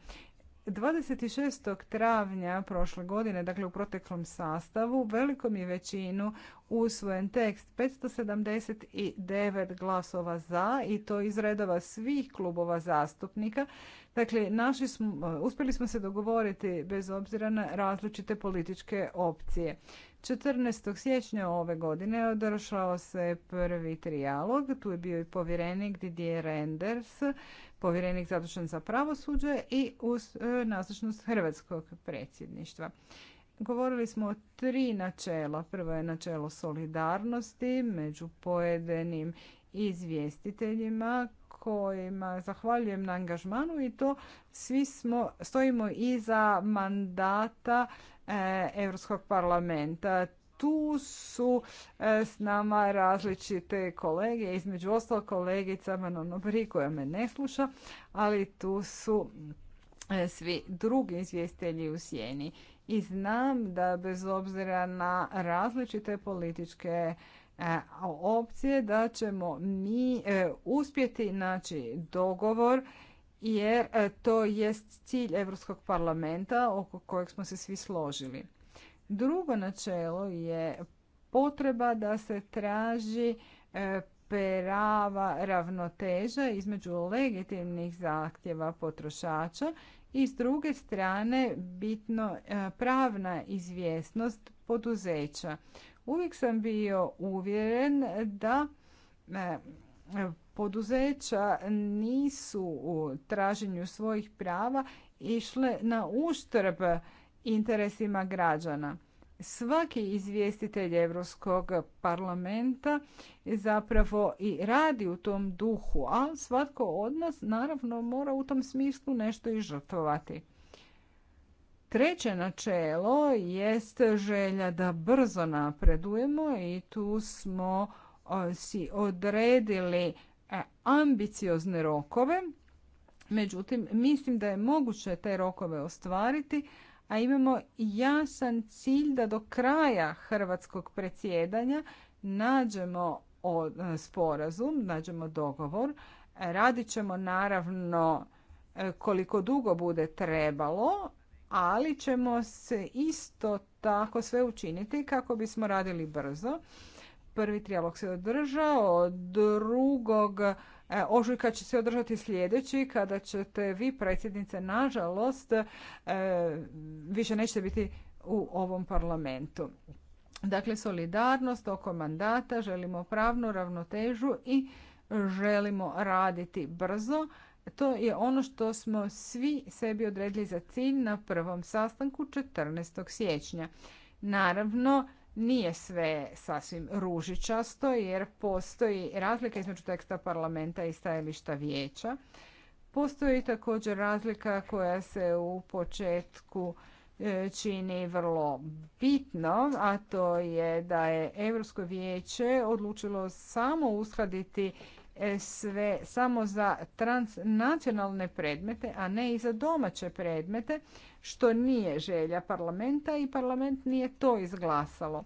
26. travnja prošle godine, dakle u proteklom sastavu, velikom je većinu usvojen tekst 579 glasova za i to iz redova svih klubova zastupnika. Dakle, naši smo, e, uspjeli smo se dogovoriti bez obzira na različite političke opcije. 14. siječnja ove godine održao se prvi trijalog, tu je bio i povjerenik Didier Renders povjerenik zadužen za pravosuđe i uz e, nazočnost hrvatskog predsjedništva. Govorili smo o tri načela. Prvo je načelo solidarnosti među pojedenim izvjestiteljima kojima zahvaljujem na angažmanu i to svi smo, stojimo iza mandata e, Europskog parlamenta tu su e, s nama različite kolege, između ostalog kolegica Manon koja me ne sluša, ali tu su e, svi drugi izvjestelji u sjeni. I znam da bez obzira na različite političke e, opcije da ćemo mi uspjeti naći dogovor jer to jest cilj Europskog parlamenta oko kojeg smo se svi složili. Drugo načelo je potreba da se traži e, prava ravnoteža između legitimnih zahtjeva potrošača i s druge strane bitno e, pravna izvjesnost poduzeća. Uvijek sam bio uvjeren da e, poduzeća nisu u traženju svojih prava išle na uštrb interesima građana. Svaki izvjestitelj Europskog parlamenta zapravo i radi u tom duhu, a svatko od nas naravno mora u tom smislu nešto i žrtvovati. Treće načelo jest želja da brzo napredujemo i tu smo si odredili e, ambiciozne rokove. Međutim, mislim da je moguće te rokove ostvariti, a imamo jasan cilj da do kraja hrvatskog predsjedanja nađemo e, sporazum, nađemo dogovor. Radit ćemo naravno e, koliko dugo bude trebalo, ali ćemo se isto tako sve učiniti kako bismo radili brzo. Prvi trijalog se održao, drugog E, ožujka će se održati sljedeći kada ćete vi predsjednice nažalost e, više nećete biti u ovom parlamentu. Dakle, solidarnost oko mandata, želimo pravnu ravnotežu i želimo raditi brzo. To je ono što smo svi sebi odredili za cilj na prvom sastanku 14. siječnja. Naravno, nije sve sasvim ružičasto jer postoji razlika između teksta parlamenta i stajališta vijeća. Postoji također razlika koja se u početku e, čini vrlo bitno, a to je da je Europsko vijeće odlučilo samo uskladiti e, sve samo za transnacionalne predmete, a ne i za domaće predmete, što nije želja parlamenta i parlament nije to izglasalo.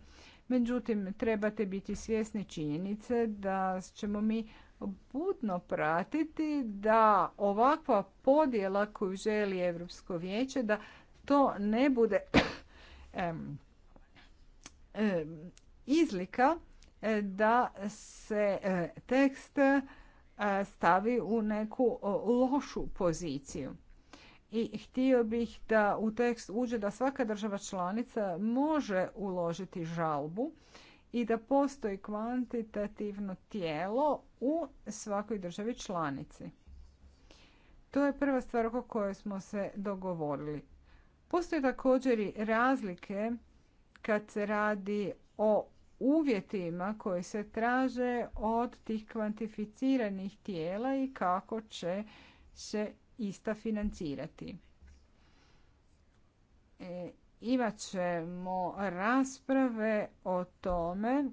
Međutim, trebate biti svjesni činjenice da ćemo mi budno pratiti da ovakva podjela koju želi Europsko vijeće da to ne bude izlika e, da se e, tekst e, stavi u neku lošu poziciju i htio bih da u tekst uđe da svaka država članica može uložiti žalbu i da postoji kvantitativno tijelo u svakoj državi članici. To je prva stvar oko koje smo se dogovorili. Postoje također i razlike kad se radi o uvjetima koji se traže od tih kvantificiranih tijela i kako će se ista financirati. E, ćemo rasprave o tome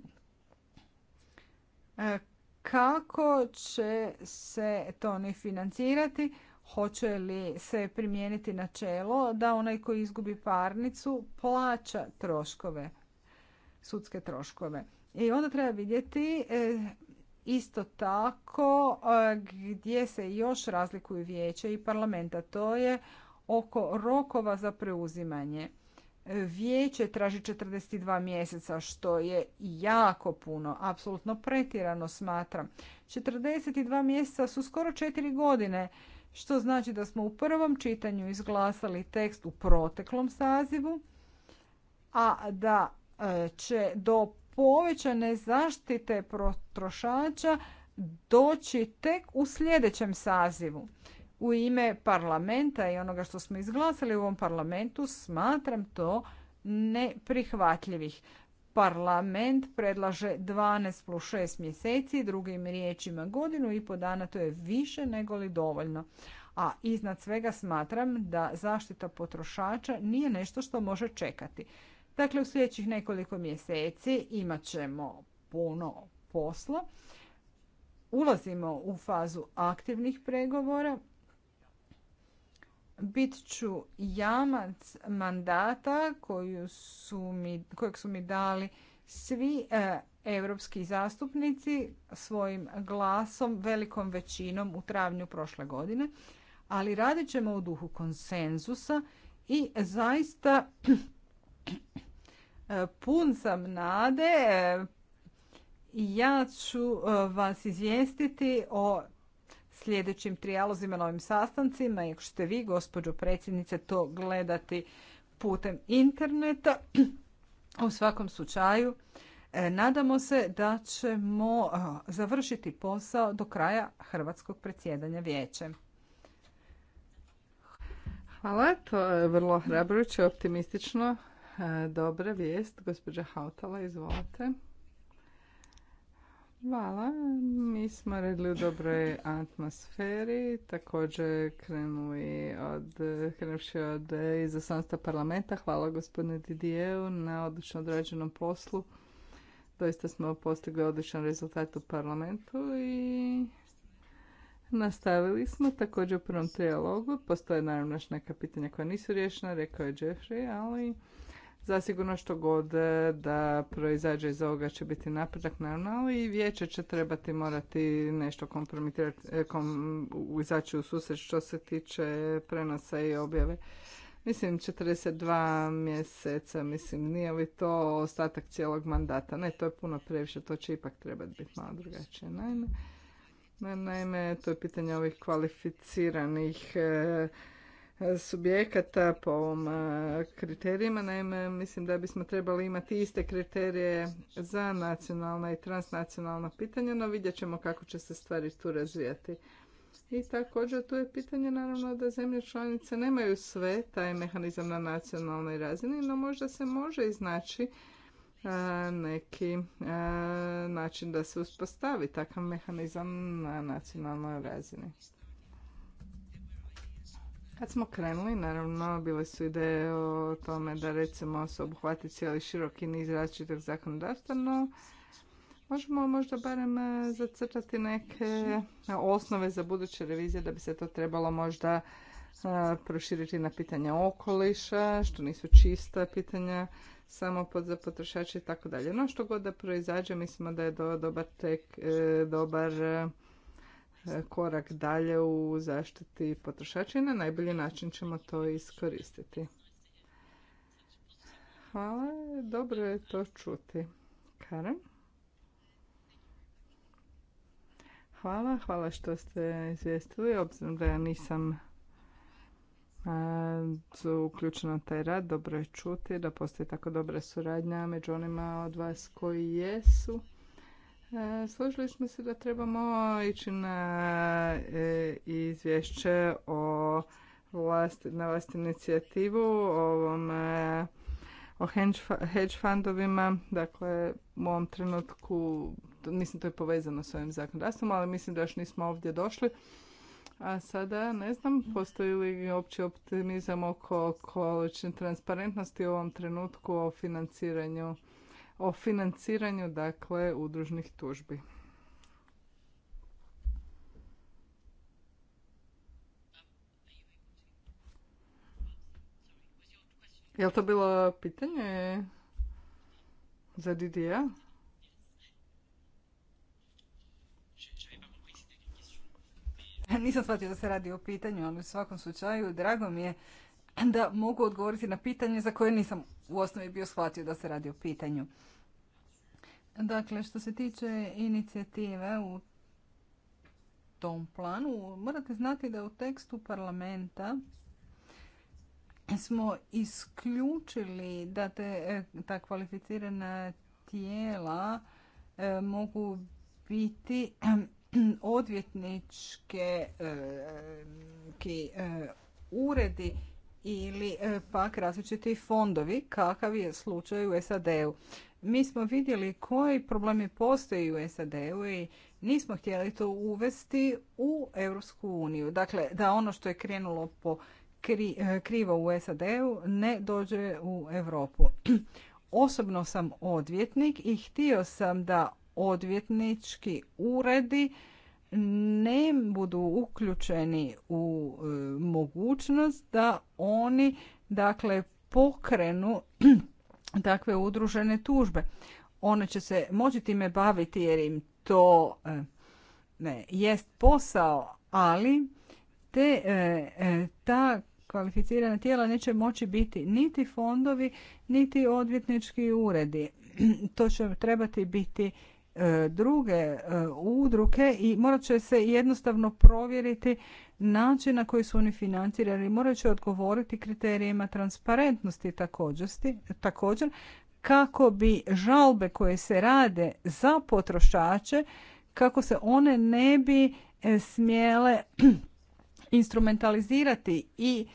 e, kako će se to ne financirati, hoće li se primijeniti načelo da onaj koji izgubi parnicu plaća troškove, sudske troškove. I onda treba vidjeti e, isto tako e, gdje se još razlikuju vijeće i parlamenta. To je oko rokova za preuzimanje. Vijeće traži 42 mjeseca, što je jako puno, apsolutno pretjerano smatram. 42 mjeseca su skoro 4 godine, što znači da smo u prvom čitanju izglasali tekst u proteklom sazivu, a da e, će do povećane zaštite potrošača doći tek u sljedećem sazivu. U ime parlamenta i onoga što smo izglasali u ovom parlamentu smatram to neprihvatljivih. Parlament predlaže 12 plus 6 mjeseci, drugim riječima godinu i po dana, to je više nego li dovoljno. A iznad svega smatram da zaštita potrošača nije nešto što može čekati. Dakle, u sljedećih nekoliko mjeseci imat ćemo puno posla. Ulazimo u fazu aktivnih pregovora. Bit ću jamac mandata kojeg su mi dali svi europski zastupnici svojim glasom velikom većinom u travnju prošle godine, ali radit ćemo u duhu konsenzusa i zaista E, pun sam nade. E, ja ću e, vas izvijestiti o sljedećim trijalozima na ovim sastancima. Ako ćete vi, gospođo predsjednice, to gledati putem interneta, u svakom slučaju, nadamo se da ćemo završiti posao do kraja hrvatskog predsjedanja vijeće. Hvala, to je vrlo i optimistično. E, dobra vijest. Gospođa Hautala, izvolite. Hvala. Mi smo radili u dobroj atmosferi, također krenuli od, krenuvši od e, izaslanstva parlamenta. Hvala gospodine Didijevu na odlično odrađenom poslu. Doista smo postigli odličan rezultat u parlamentu i Nastavili smo također u prvom trijalogu. Postoje naravno još neka pitanja koja nisu riješena, rekao je Jeffrey, ali Zasigurno što god e, da proizađe iz ovoga će biti napredak, naravno, ali i vijeće će trebati morati nešto kompromitirati, e, kom, izaći u susret što se tiče prenosa i objave. Mislim, 42 mjeseca, mislim, nije li to ostatak cijelog mandata? Ne, to je puno previše, to će ipak trebati biti malo drugačije. Naime, naime to je pitanje ovih kvalificiranih e, subjekata po ovom e, kriterijima. Naime, mislim da bismo trebali imati iste kriterije za nacionalna i transnacionalna pitanja, no vidjet ćemo kako će se stvari tu razvijati. I također tu je pitanje naravno da zemlje članice nemaju sve taj mehanizam na nacionalnoj razini, no možda se može iznaći e, neki e, način da se uspostavi takav mehanizam na nacionalnoj razini. Kad smo krenuli, naravno, bile su ideje o tome da recimo se obuhvati cijeli široki niz različitog zakonodavstva, no možemo možda barem e, zacrtati neke e, osnove za buduće revizije da bi se to trebalo možda e, proširiti na pitanja okoliša, što nisu čista pitanja samo pod za potrošače i tako dalje. No što god da proizađe, mislimo da je dobar tek, dobar korak dalje u zaštiti potrošača i na najbolji način ćemo to iskoristiti. Hvala, dobro je to čuti. Karen? Hvala, hvala što ste izvijestili, obzirom da ja nisam uključena taj rad, dobro je čuti da postoji tako dobra suradnja među onima od vas koji jesu. E, složili smo se da trebamo ići na e, izvješće o vlast, na vlast inicijativu ovom, e, o hedge fundovima. Dakle, u ovom trenutku, mislim to je povezano s ovim zakonodavstvom, ali mislim da još nismo ovdje došli. A sada ne znam, postoji li opći optimizam oko količne transparentnosti u ovom trenutku o financiranju o financiranju dakle udružnih tužbi. Je to bilo pitanje za Didija? Nisam shvatio da se radi o pitanju, ali u svakom slučaju drago mi je da mogu odgovoriti na pitanje za koje nisam u osnovi bio shvatio da se radi o pitanju. Dakle, što se tiče inicijative u tom planu, morate znati da u tekstu parlamenta smo isključili da te, e, ta kvalificirana tijela e, mogu biti odvjetničke e, uredi ili pak različiti fondovi kakav je slučaj u SAD-u mi smo vidjeli koji problemi postoji u SAD-u i nismo htjeli to uvesti u Europsku uniju. Dakle, da ono što je krenulo po e, krivo u SAD-u ne dođe u Europu. Osobno sam odvjetnik i htio sam da odvjetnički uredi ne budu uključeni u e, mogućnost da oni dakle pokrenu takve udružene tužbe. One će se moći time baviti jer im to e, ne, jest posao, ali te, e, e, ta kvalificirana tijela neće moći biti niti fondovi, niti odvjetnički uredi. To će trebati biti E, druge e, udruke i morat će se jednostavno provjeriti način na koji su oni financirani. Morat će odgovoriti kriterijima transparentnosti također kako bi žalbe koje se rade za potrošače, kako se one ne bi e, smjele instrumentalizirati i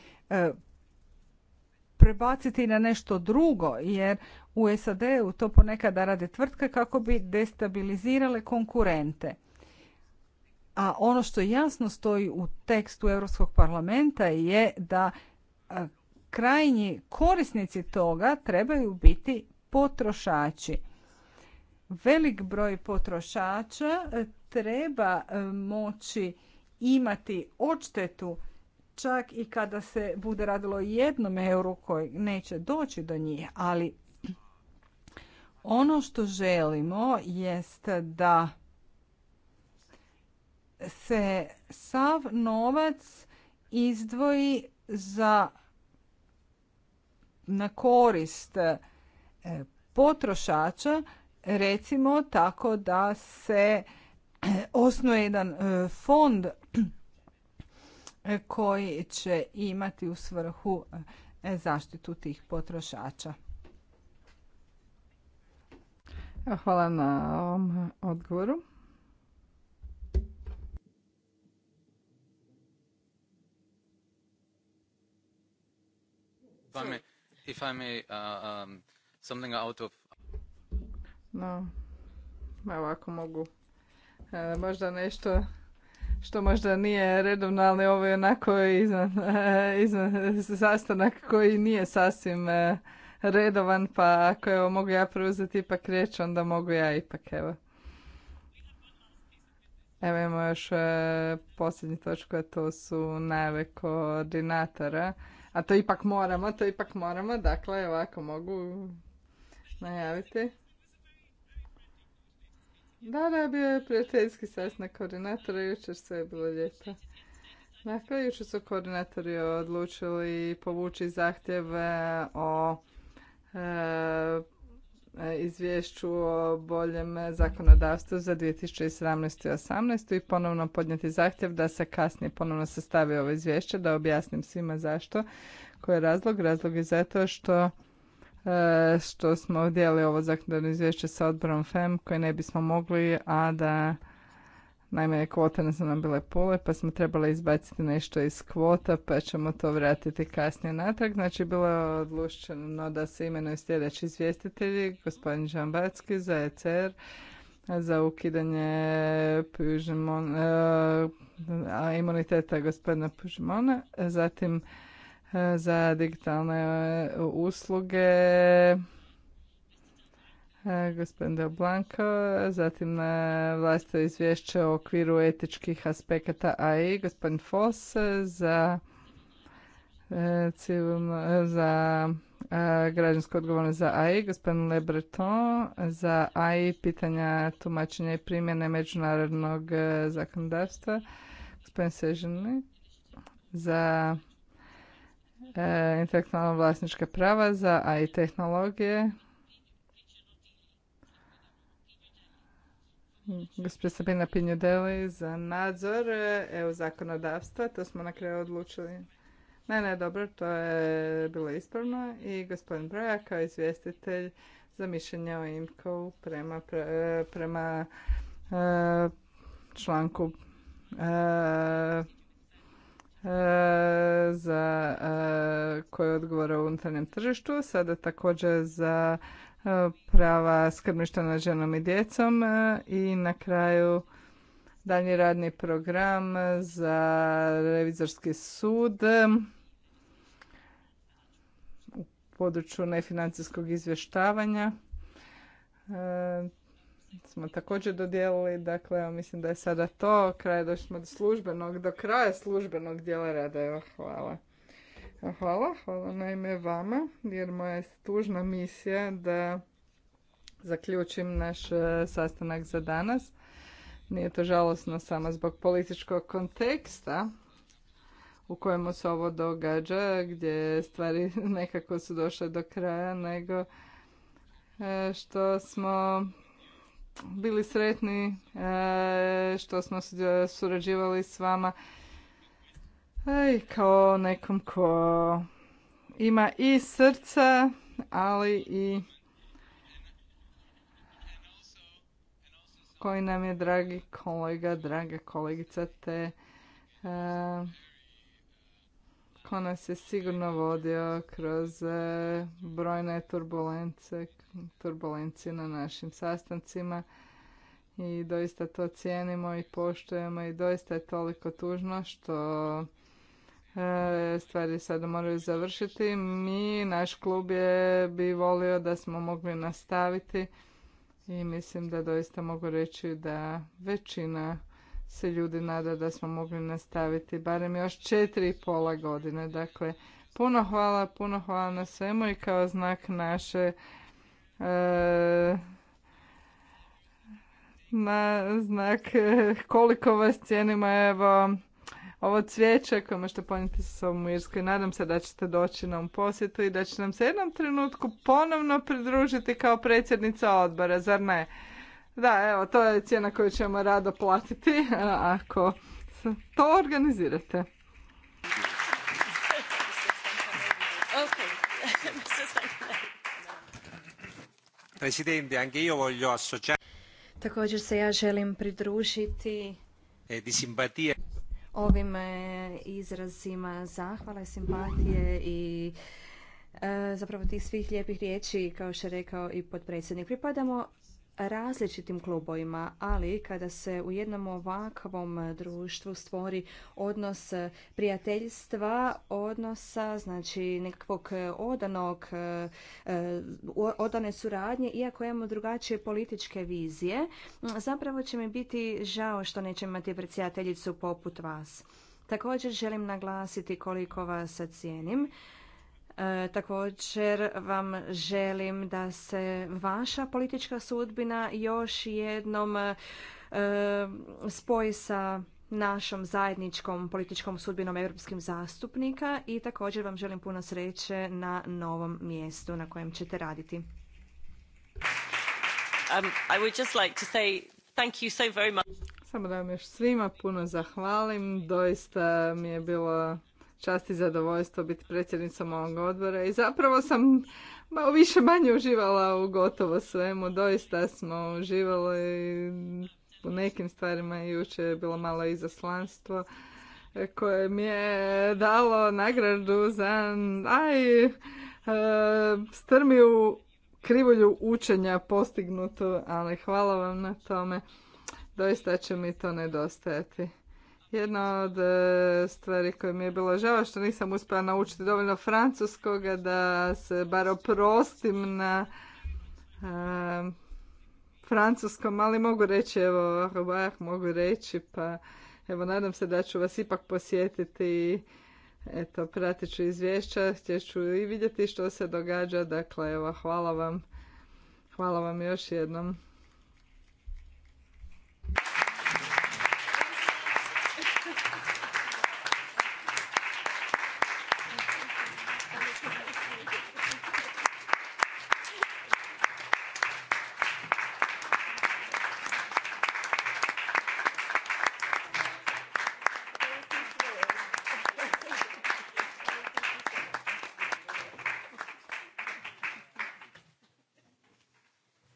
prebaciti na nešto drugo, jer u SAD-u to ponekada rade tvrtke kako bi destabilizirale konkurente. A ono što jasno stoji u tekstu Europskog parlamenta je da krajnji korisnici toga trebaju biti potrošači. Velik broj potrošača treba e, moći imati odštetu čak i kada se bude radilo jednom euru koji neće doći do njih, ali ono što želimo jest da se sav novac izdvoji za na korist e, potrošača, recimo tako da se e, osnuje jedan e, fond E, koji će imati u svrhu e, zaštitu tih potrošača. Hvala na ovom odgovoru. If I No, mogu. E, možda nešto što možda nije redovno, ali ovo je onako izvan, izvan sastanak koji nije sasvim e, redovan, pa ako evo mogu ja preuzeti ipak riječ, onda mogu ja ipak evo. Evo imamo još e, posljednju točku, a to su najave koordinatora. A to ipak moramo, to ipak moramo, dakle ovako mogu najaviti. Da, da, bio je prijateljski sastanak koordinatora, jučer sve je bilo lijepo. Dakle, jučer su koordinatori odlučili povući zahtjev o e, izvješću o boljem zakonodavstvu za 2017. i 2018. i ponovno podnijeti zahtjev da se kasnije ponovno sastavi ovo izvješće, da objasnim svima zašto. Koji je razlog? Razlog je zato što E, što smo udjeli ovo zakonodavno izvješće sa odborom FEM koje ne bismo mogli, a da naime kvote ne su nam bile pole, pa smo trebali izbaciti nešto iz kvota pa ćemo to vratiti kasnije natrag. Znači bilo je odlučeno da se imenuju sljedeći izvjestitelji, gospodin Žambacki za ECR, za ukidanje a e, imuniteta gospodina Pužimona. zatim E, za digitalne e, usluge e, gospodin Del Blanco, zatim na vlastito izvješće o okviru etičkih aspekata AI, gospodin Foss za za građansku odgovornost za AI, gospodin Le Breton za AI, pitanja tumačenja i primjene međunarodnog zakonodavstva, gospodin Sežini za E, intelektualno vlasnička prava za AI tehnologije. Gospodin Sabina Pinjodeli za nadzor e, EU zakonodavstva, to smo na kraju odlučili. Ne, ne, dobro, to je bilo ispravno. I gospodin Broja kao izvjestitelj za mišljenje o imco prema, e, prema članku E, za e, koje odgovore u unutarnjem tržištu, sada također za e, prava skrbništva nad ženom i djecom i na kraju daljnji radni program za revizorski sud u području nefinancijskog izvještavanja smo također dodijelili, dakle, ja mislim da je sada to, kraj došli smo do službenog, do kraja službenog dijela rada, evo, hvala. Hvala, hvala naime vama, jer moja je tužna misija da zaključim naš e, sastanak za danas. Nije to žalosno samo zbog političkog konteksta u kojemu se ovo događa, gdje stvari nekako su došle do kraja, nego e, što smo bili sretni e, što smo surađivali s vama kao nekom ko ima i srca, ali i koji nam je dragi kolega, draga kolegica, te e, ko nas je sigurno vodio kroz e, brojne turbulence turbulencije na našim sastancima i doista to cijenimo i poštujemo i doista je toliko tužno što e, stvari sada moraju završiti. Mi, naš klub je bi volio da smo mogli nastaviti i mislim da doista mogu reći da većina se ljudi nada da smo mogli nastaviti barem još četiri i pola godine. Dakle, puno hvala, puno hvala na svemu i kao znak naše E, na znak e, koliko vas cijenimo. Evo, ovo cvijeće koje možete ponijeti sa sobom u Irskoj. Nadam se da ćete doći nam u posjetu i da će nam se jednom trenutku ponovno pridružiti kao predsjednica odbora, zar ne? Da, evo, to je cijena koju ćemo rado platiti ako to organizirate. Presidente, Također se ja želim pridružiti e ovim e, izrazima zahvale, simpatije i e, zapravo tih svih lijepih riječi, kao što je rekao i potpredsjednik. Pripadamo različitim klubovima, ali kada se u jednom ovakvom društvu stvori odnos prijateljstva, odnosa, znači nekakvog odanog, e, odane suradnje, iako imamo drugačije političke vizije, zapravo će mi biti žao što neće imati predsjedateljicu poput vas. Također želim naglasiti koliko vas cijenim E, također vam želim da se vaša politička sudbina još jednom e, spoji sa našom zajedničkom političkom sudbinom europskim zastupnika i također vam želim puno sreće na novom mjestu na kojem ćete raditi. Samo da vam još svima puno zahvalim. Doista mi je bilo čast i zadovoljstvo biti predsjednicom ovog odbora i zapravo sam malo više manje uživala u gotovo svemu. Doista smo uživali u nekim stvarima i jučer je bilo malo izaslanstvo koje mi je dalo nagradu za aj, e, strmiju krivulju učenja postignutu, ali hvala vam na tome. Doista će mi to nedostajati. Jedna od e, stvari koje mi je bilo žao što nisam uspjela naučiti dovoljno francuskoga da se bar oprostim na e, francuskom, ali mogu reći evo, mogu reći pa evo nadam se da ću vas ipak posjetiti i eto pratit ću izvješća, ću i vidjeti što se događa, dakle evo hvala vam. Hvala vam još jednom.